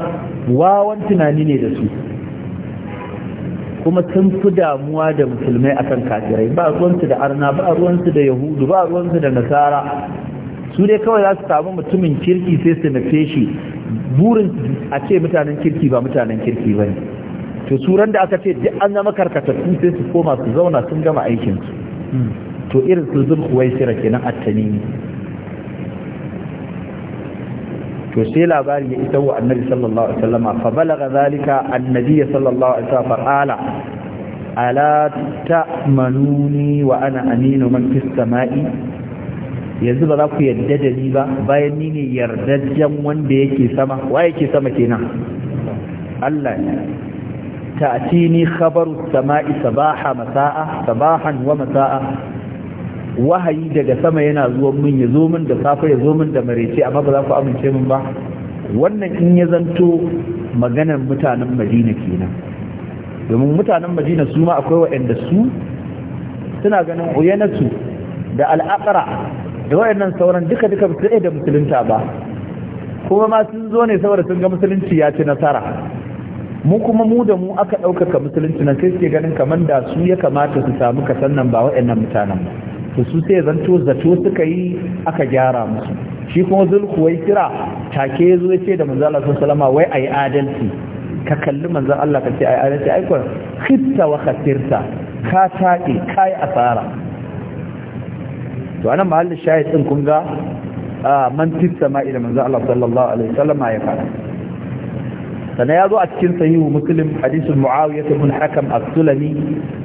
wawan tunani ne da su kuma sun fi damuwa da musulmai akan kafirai ba ruwansu da arna ba ruwansu da yahudu ba ruwansu da nasara su dai kawai za su samu mutumin kirki sai su nufe shi burin a ce mutanen kirki ba mutanen kirki ba ne to suran da aka ce duk an zama karkatattu sai su koma su zauna sun gama aikinsu hmm. to irin su zul kuwaisira kenan a tamimi to sai labari ya isa wa annabi sallallahu alaihi wasallama fa balagha zalika annabi sallallahu alaihi wasallam qala ala ta'manuni wa ana aminu man fis samai yanzu ba za ku yarda da ni ba bayan ni ne yardajjen wanda yake sama wa yake sama kenan Allah ne ta'tini khabaru samai sabaha masaa sabahan wa masaa wahayi daga sama yana zuwa min ya zo min da safe ya zo min da marece amma ba za ku amince min ba wannan in ya zanto maganar mutanen madina kenan domin mutanen madina su ma akwai waɗanda su suna ganin uyanatu da al'aqra da waɗannan sauran duka duka ba su da musulunta ba kuma ma sun zo ne saboda sun ga musulunci ya ci nasara mu kuma mu da mu aka ɗaukaka musulunci nan sai suke ganin kamar da su ya kamata su samu kasan nan ba waɗannan mutanen ba to su sai zanto zato suka yi aka gyara musu shi kuma kuwai kira take ya zo ce da manzala sun salama wai ai adalci ka kalli manzo Allah ka ce ai adalci ai aikon hitta wa khatirta ka taɗe ka yi asara to anan mahallin shahid din kun ga man titta ma ila manzo Allah sallallahu alaihi wasallam ya fara sannan ya zo a cikin sahihu muslim hadisul muawiyah ibn hakam as-sulami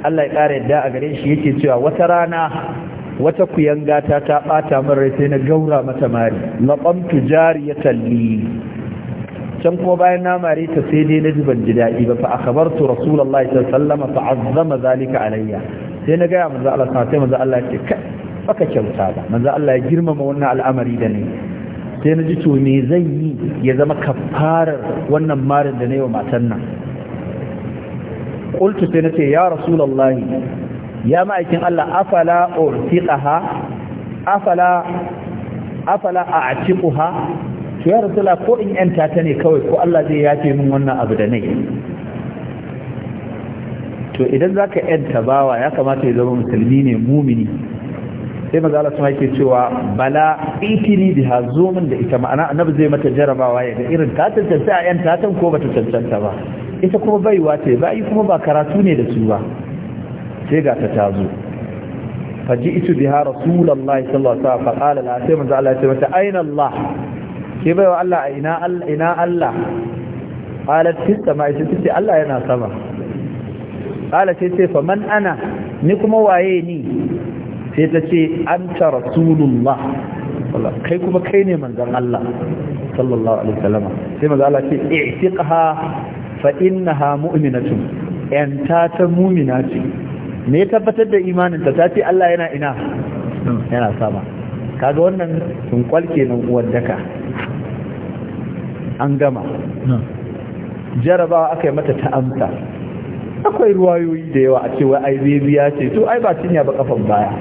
Allah ya kare da a gare shi yake cewa wata rana wata kuyanga ta ta bata min rai sai na gaura mata mari laqamtu jariyatan li can kuma bayan na mare ta sai dai na ji ban ji daɗi ba fa akhbartu rasulullahi sallallahu alaihi fa azama zalika alayya sai na gaya manzo Allah sai manzo Allah ce kai baka kyauta ba manzo Allah ya girmama wannan al'amari da ni sai na ji to me zan yi ya zama kafarar wannan marin da na yi wa matan nan qultu sai na ce ya rasulullahi ya ma'aikin Allah afala urtiqaha afala afala a'tiquha to ya rasula ko in yanta ta ne kawai ko Allah zai yace min wannan abu da nake to idan zaka yanta bawa ya kamata ya zama musulmi ne mumini sai maza Allah yake cewa bala itini da zumun da ita ma'ana annabi zai mata jarabawa ya ga irin ta tantance a yanta ta ko bata tantance ba ita kuma baiwa ce bai kuma ba karatu ne da su ba sai ga ta tazo faji itu biha rasulullahi sallallahu alaihi wasallam fa qala la sai manzo Allah ya ce mata aina Allah ke baiwa Allah ina Allah ina Allah qalat fi samai sai ce Allah yana sama qala ce ce fa man ana ni kuma waye ni sai ta ce anta rasulullah kai kuma kai ne manzon Allah sallallahu alaihi wasallam sai manzo Allah ce i'tiqha fa innaha mu'minatun yanta ta mu'mina ce me ya tabbatar da imanin ta ce Allah yana ina yana sama kaga wannan sun kwalke nan uwar daka an gama jarabawa aka yi mata ta amsa akwai ruwayoyi da yawa a ce wai ai bebiya ce to ai ba cinya ba kafan baya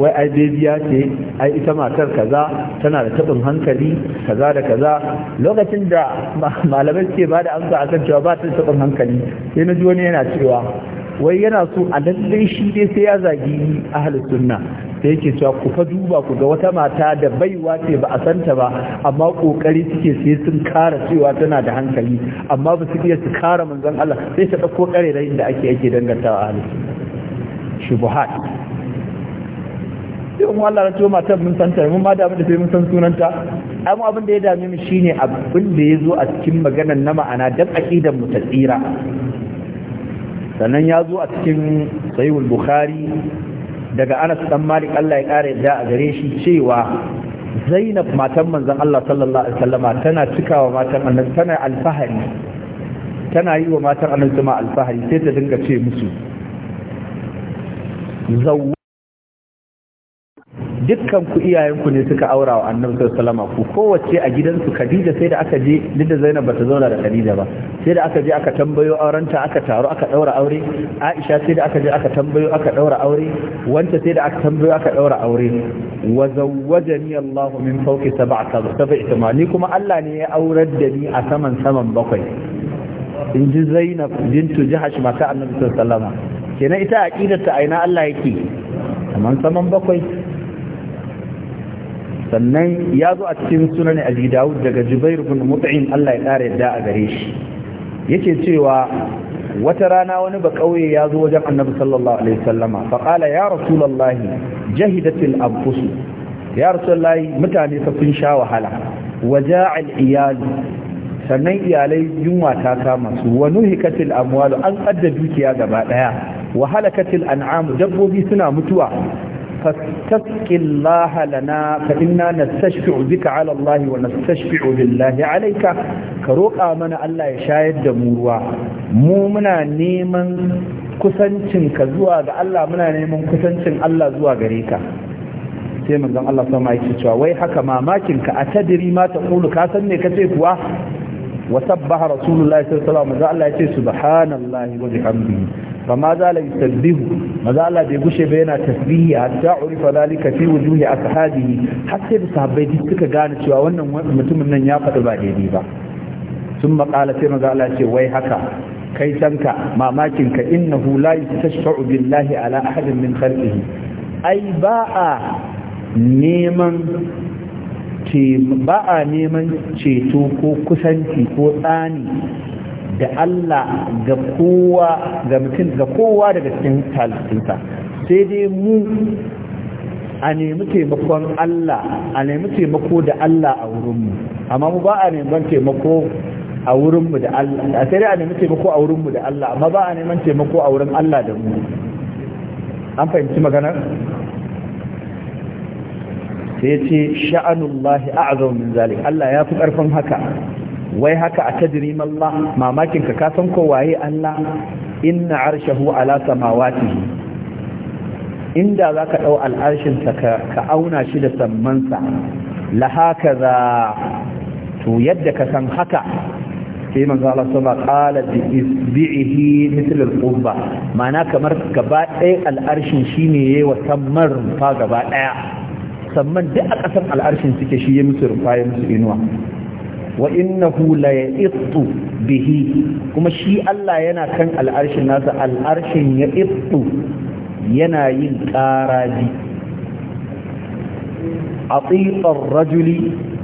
wai ai bebiya ce ai ita matar kaza tana da tabin hankali kaza da kaza lokacin da malamai suke ba da amsa kan cewa ba ta tabin hankali sai na ji wani yana cewa wai yana so a lallai shi dai sai ya zagi ahlus sunna sai yake cewa ku fa duba ku ga wata mata da baiwa ce ba a santa ba amma kokari suke sai sun kara cewa tana da hankali amma ba su iya su kara manzon Allah sai ta dauko kare da inda ake yake dangantawa ahlus shubuhat sai mu Allah rato matan mun san mun ma da da sai mun san sunanta amma abin da ya dame mu shine abin da zo a cikin maganar na ma'ana dan aqidan mu ta tsira sannan ya zo a cikin sahihul bukhari daga anas dan malik Allah ya kara yadda a gare shi cewa zainab matan manzon Allah sallallahu alaihi wasallama tana cikawa matan annabi tana alfahari tana yi wa matan annabi alfahari sai ta dinga ce musu dukkan ku iyayenku ne suka aura wa annabi sallallahu alaihi ku kowace a gidansu Khadija sai da aka je duk da Zainab bata zauna da Khadija ba sai da aka je aka tambayo aurenta aka taro aka daura aure Aisha sai da aka je aka tambayo aka daura aure wanta sai da aka tambayo aka daura aure wa zawwajani Allah min fawqi sab'ati sab'i kuma Allah ne ya aurar da ni a saman saman bakwai in ji Zainab bintu Jahash mata annabi sallallahu alaihi wasallam kenan ita aqidarta aina Allah yake saman saman bakwai sannan ya zo a cikin sunan abi dawud daga jubair bin mut'im Allah ya kare yadda a gare shi yake cewa wata rana wani ba kauye ya zo wajen annabi sallallahu alaihi wasallama fa qala ya rasulullahi jahidatil anfus ya rasulullahi mutane fa sun sha wahala waja'al iyal sannan iyalai yunwa ta kama su wa nuhikatil amwal an adda dukiya gaba daya wa halakatil an'am dabbobi suna mutuwa فاستسق الله لنا فإنا نستشفع بك على الله ونستشفع بالله عليك كروقا من الله يشاهد دموروا مو منا نيمن kusancin ka zuwa ga Allah muna neman kusancin Allah zuwa gare ka sai manzon Allah sama yake cewa wai haka mamakin ka atadiri ma ta kulu ka san me kace kuwa wa sabbaha rasulullahi sallallahu alaihi wasallam Allah yace subhanallahi wa bihamdihi fa ma zala yusabbihu maza Allah bai gushe ba yana tasbihi hatta urifa zalika fi wujuhi ashabihi har sai da sahabbai duk suka gane cewa wannan mutumin nan ya faɗi ba daidai ba sun maƙala sai maza Allah ce wai haka kai tanka mamakin ka innahu la yastashfa'u billahi ala ahadin min khalqihi ai ba a neman ba a neman ceto ko kusanci ko tsani da Allah ga kowa ga mutum ga kowa daga cikin halittunsa sai dai mu a nemi taimakon Allah a nemi taimako da Allah a wurinmu amma mu ba a neman taimako a wurinmu da Allah sai dai a nemi taimako a wurinmu da Allah amma ba a neman taimako a wurin Allah da mu an fahimci maganar sai ce sha'anullahi a'azau min zalik Allah ya fi karfin haka wai haka a tajrim Allah mamakin ka kasan san ko waye Allah inna arshahu ala samawatihi inda zaka dau al'arshin sa ka auna shi da sammansa la za to yadda ka san haka sai manzo Allah sama qala bi isbihi mithl al-qubba ma'ana kamar gaba ɗaya al'arshin shine yayi wa sammar rufa gaba ɗaya samman duk a ƙasar al'arshin suke shi ya musu rufa ya musu inuwa wa innahu la yaqtu bihi kuma shi Allah yana kan al'arshin nasa al'arshin ya ittu yana yin ƙaraji a rajuli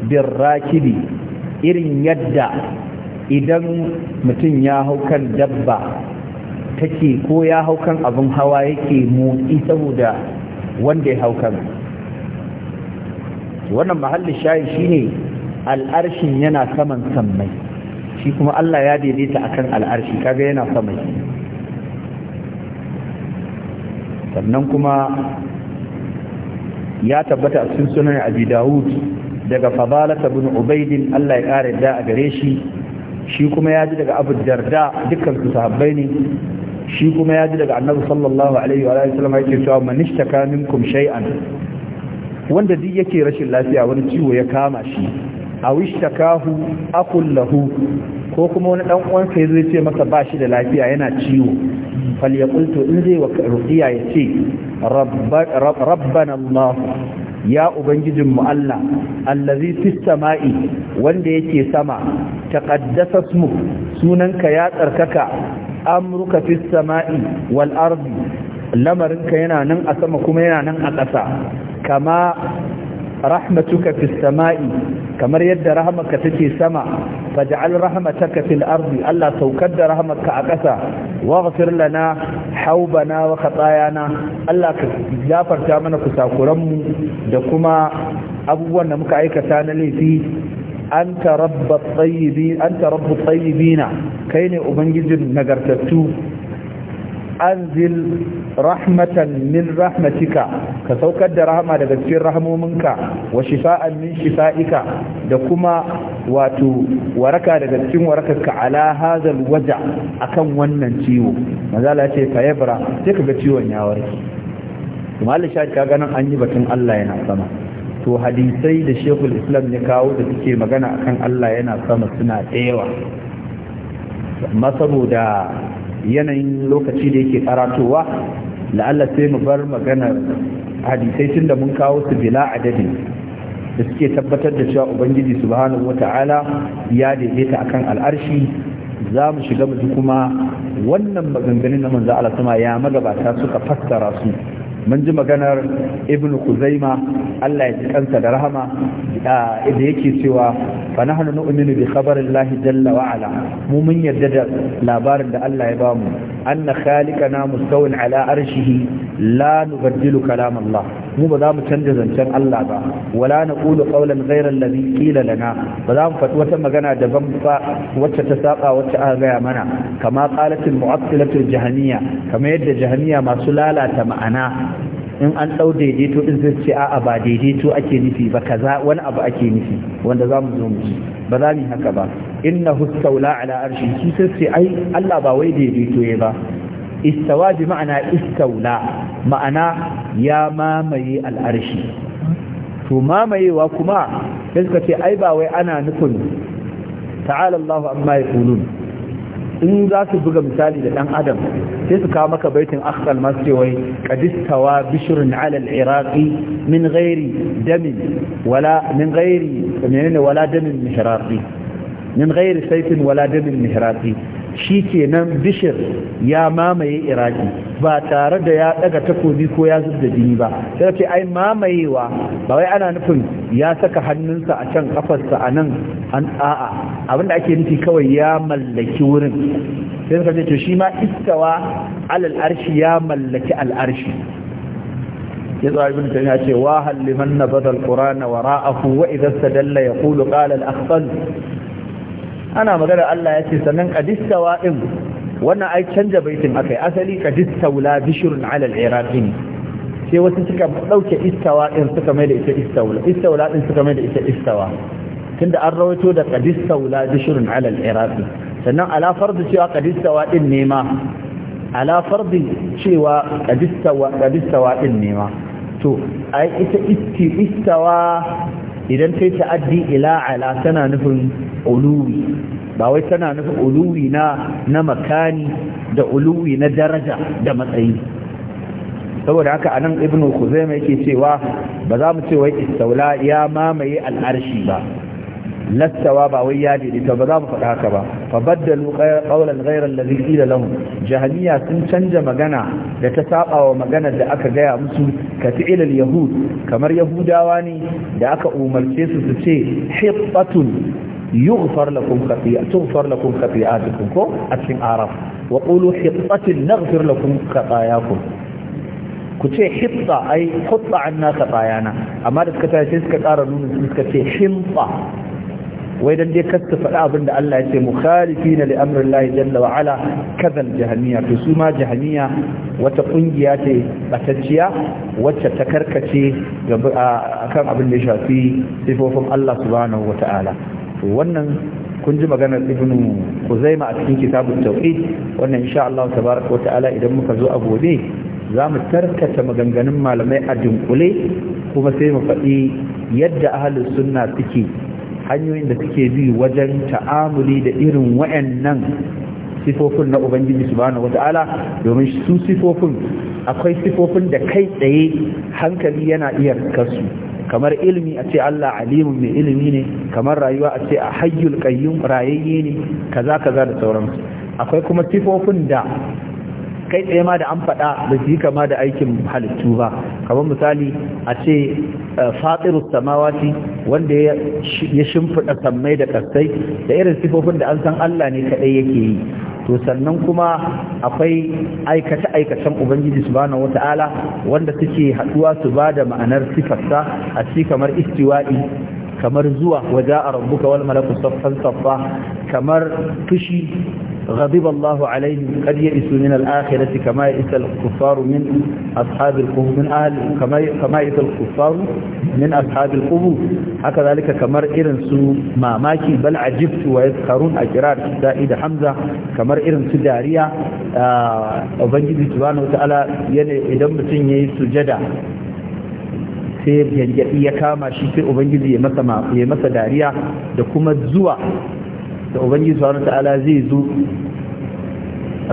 bin rakibi irin yadda idan mutum ya hau kan dabba take ko ya hau kan abin hawa yake motsi saboda wanda ya hau kan wannan mahallin shayi shine al'arshin yana saman sammai shi kuma Allah ya daidaita akan al'arshi kaga yana samai sannan kuma ya tabbata a cikin sunan abi dawud daga fadalata bin ubaidin Allah ya kare da a gare shi shi kuma ya ji daga abu darda dukkan su sahabbai ne shi kuma ya ji daga annabi sallallahu alaihi wa sallam yake cewa man ishtaka minkum shay'an wanda duk yake rashin lafiya wani ciwo ya kama shi a kahu akun lahu ko kuma wani dan uwansa ya zai ce masa ba shi da lafiya yana ciwo fal ya in zai wa ruqiya ya ce rabbana allah ya ubangijin mu allah allazi fis sama'i wanda yake sama taqaddasa ismu sunanka ya tsarkaka amruka fis sama'i wal ardi lamarinka yana nan a sama kuma yana nan a ƙasa kama rahmatuka fis sama'i kamar yadda rahmaka take sama faj'al rahmataka fil ardi Allah saukar da rahmatka a ƙasa waghfir lana haubana wa khatayana Allah ka gafarta mana kusakuran mu da kuma abubuwan da muka aikata na laifi anta rabbat tayyibin anta rabbut tayyibina kai ne ubangijin nagartattu anzil rahmatan min rahmatika ka saukar da rahama daga cikin rahmominka wa shifa'an min shifa'ika da kuma wato waraka daga cikin warakarka ala hazal waja akan wannan ciwo mazala ce fayabra sai ga ciwon ya warke malin shaɗi ka ganin an yi batun Allah yana sama to hadisai da shekul islam ya kawo da suke magana akan Allah yana sama suna da yawa amma saboda yanayin lokaci da yake karatowa la'alla sai mu bar magana hadisai tun da mun kawo su bila adadin da suke tabbatar da cewa ubangiji subhanahu wata'ala ya daidaita akan al'arshi za mu shiga mu kuma wannan maganganun na manzo Allah sama ya magabata suka fassara su mun ji maganar ibn kuzaima Allah ya ji kansa da rahama da yake cewa fa nahnu nu'minu bi khabarillahi jalla wa ala mu mun yarda da labarin da Allah ya bamu anna khaliqana mustawin ala arshihi la nubaddilu kalam Allah mu ba za mu canja zancen Allah ba wala naqulu qawlan ghayra alladhi qila lana ba za mu faɗi wata magana daban ba wacce ta saba wacce aka gaya mana kama qalatil mu'attilatul jahaniyya kama yadda jahaniyya masu lalata ma'ana in an ɗau daidaito ɗin zai ce a'a ba daidaito ake nufi ba kaza wani abu ake nufi wanda za mu zo mu ji ba za mu haka ba inna hustaula ala arshi shi sai ce ai Allah ba wai daidaito ya ba istawa bi ma'ana istaula ma'ana ya mamaye al'arshi to mamayewa kuma sai suka ce ai ba wai ana nufin ta'ala Allahu amma yaqulun in za su buga misali da dan adam sai su kawo maka baitin akhal masu wai qadistawa bishrun ala al-iraqi min ghairi damin wala min menene wala damin mihraqi min wala damin mihraqi shi kenan bishir ya mamaye iraki ba tare da ya daga takobi ko ya zub da jini ba sai ce ai mamayewa ba wai ana nufin ya saka hannunsa a can kafarsa a nan an a'a abinda ake nufi kawai ya mallaki wurin sai suka ce to shi ma istawa alal arshi ya mallaki al arshi يضع ابن تيمية واهل لمن نبذ idan وراءه وإذا استدل يقول قال الأخطل ana magana Allah ya ce sannan qadistawa din wannan ai canja baitin akai asali qadistawla bishrun ala al-iraqi ne sai wasu suka ɗauke istawa din suka mai da ita istawla istawla din suka mai da ita istawa tunda an rawaito da qadistawla bishrun ala al-iraqi sannan ala fardu cewa qadistawa din ne ma ala fardi cewa qadistawa qadistawa ɗin ne ma to ai ita isti istawa idan ta ta'addi ila ala tana nufin uluwi ba wai tana nufin uluwi na na makani da uluwi na daraja da matsayi saboda haka anan ibnu Kuzaima yake cewa ba za mu ce wai istaula ya mamaye al'arshi ba nattawa ba wai ya daidaita ba za mu faɗa haka ba fa baddalu qawlan ghayra alladhi qila jahaniya sun canza magana da ta saba wa magana da aka gaya musu ka fi'il alyahud kamar yahudawa ne da aka umarce su su ce hibbatun yughfar lakum khati'atukum yughfar lakum khati'atukum ko a cikin arab wa qulu hibbatun naghfir lakum khatayakum ku ce hibba ai hutta anna khatayana amma da suka tashi suka ƙara nuna suka ce hibba wai dan dai kasta faɗa abin da Allah ya ce mukhalifina li amrin Allah jalla wa ala kadhal to su ma jahmiya wata kungiya ce batacciya wacce ta karkace kan abin da ya shafi sifofin Allah subhanahu wa ta'ala wannan kun ji maganar ibnu Kuzaima a cikin kitabut tauhid wannan insha Allah tabaaraka wa ta'ala idan muka zo a gobe za mu tarkata maganganun malamai a dunkule kuma sai mu faɗi yadda ahalin sunna suke hanyoyin da suke bi wajen ta'amuli da irin wayannan sifofin na ubangiji subhanahu wata'ala domin su sifofin akwai sifofin da kai tsaye hankali yana iya kasu kamar ilimi a ce Allah alimun mai ilimi ne kamar rayuwa a ce a hayyul kayyun rayayye ne kaza kaza da sauransu akwai kuma sifofin da kai tsaye ma da an faɗa ba su yi kama da aikin halittu ba kamar misali a ce eh, fatirus samawati wanda ya shimfiɗa sammai da ƙasai da irin sifofin da an san Allah ne kaɗai yake yi to sannan kuma akwai aikace-aikacen ubangiji subhanahu wata'ala wanda suke haɗuwa su ba da ma'anar sifarsa a ci kamar istiwa'i kamar zuwa waje a rabbuka wal malaku saffan saffa kamar fushi غضب الله عليهم قد يئسوا من الآخرة كما يئس الكفار من أصحاب القبور من أهل كما كما يئس الكفار من أصحاب القبور هكذلك كمر إرنسو ماماكي بل عجبت ويذكرون أجرار سائد حمزة كمر إرنسو داريا أبنجي سبحانه وتعالى يعني إذا متن يسجد sujada sai yanjaɗi ya kama shi sai ubangiji ya masa dariya da kuma zuwa da ubangiji subhanahu ta'ala zai zo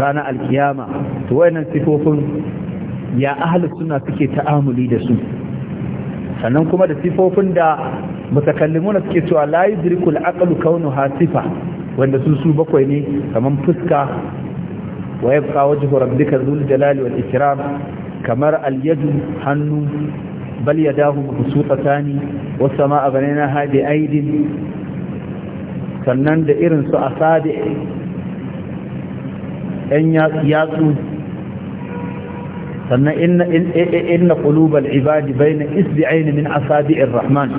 ranar alkiyama to wayannan sifofin ya ahli suna suke ta'amuli da su sannan kuma da sifofin da mutakallimuna suke cewa la yudrikul aqlu kaunuha Hasifa wanda sun su bakwai ne kamar fuska wa yabqa wajhu rabbika dhul jalali wa ikram kamar alyadu hannu bal yadahu mabsutatani was samaa banaynaha bi aydin sannan da irin su a asadi ɗan yatsu sannan inna qulubal ibadi bai na isbi isbi'ain min asabi'ir rahman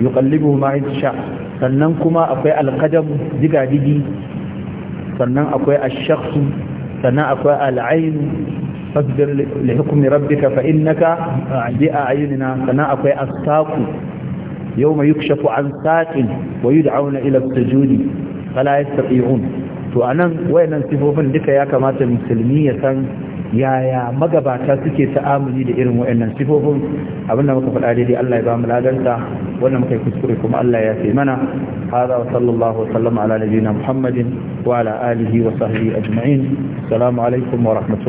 yuqallibuhu ma sha sannan kuma akwai alqadam digadigi sannan akwai ash-shakhs sannan akwai al-ain fasbir li hukmi rabbika fa innaka bi a'yunina sannan akwai as-saqu yawma yukshafu an saqin wa yud'auna ila as-sujudi fala yastati'un to anan wayannan sifofin duka ya kamata musulmi ya san yaya magabata suke ta'amuli da irin wayannan sifofin abinda muka faɗa daidai Allah ya ba mu ladanta wannan muka yi kuskure kuma Allah ya fi mana hada wa sallallahu wa sallama ala nabiyyina Muhammadin wa ala alihi wa sahbihi ajma'in assalamu alaikum wa rahmatullahi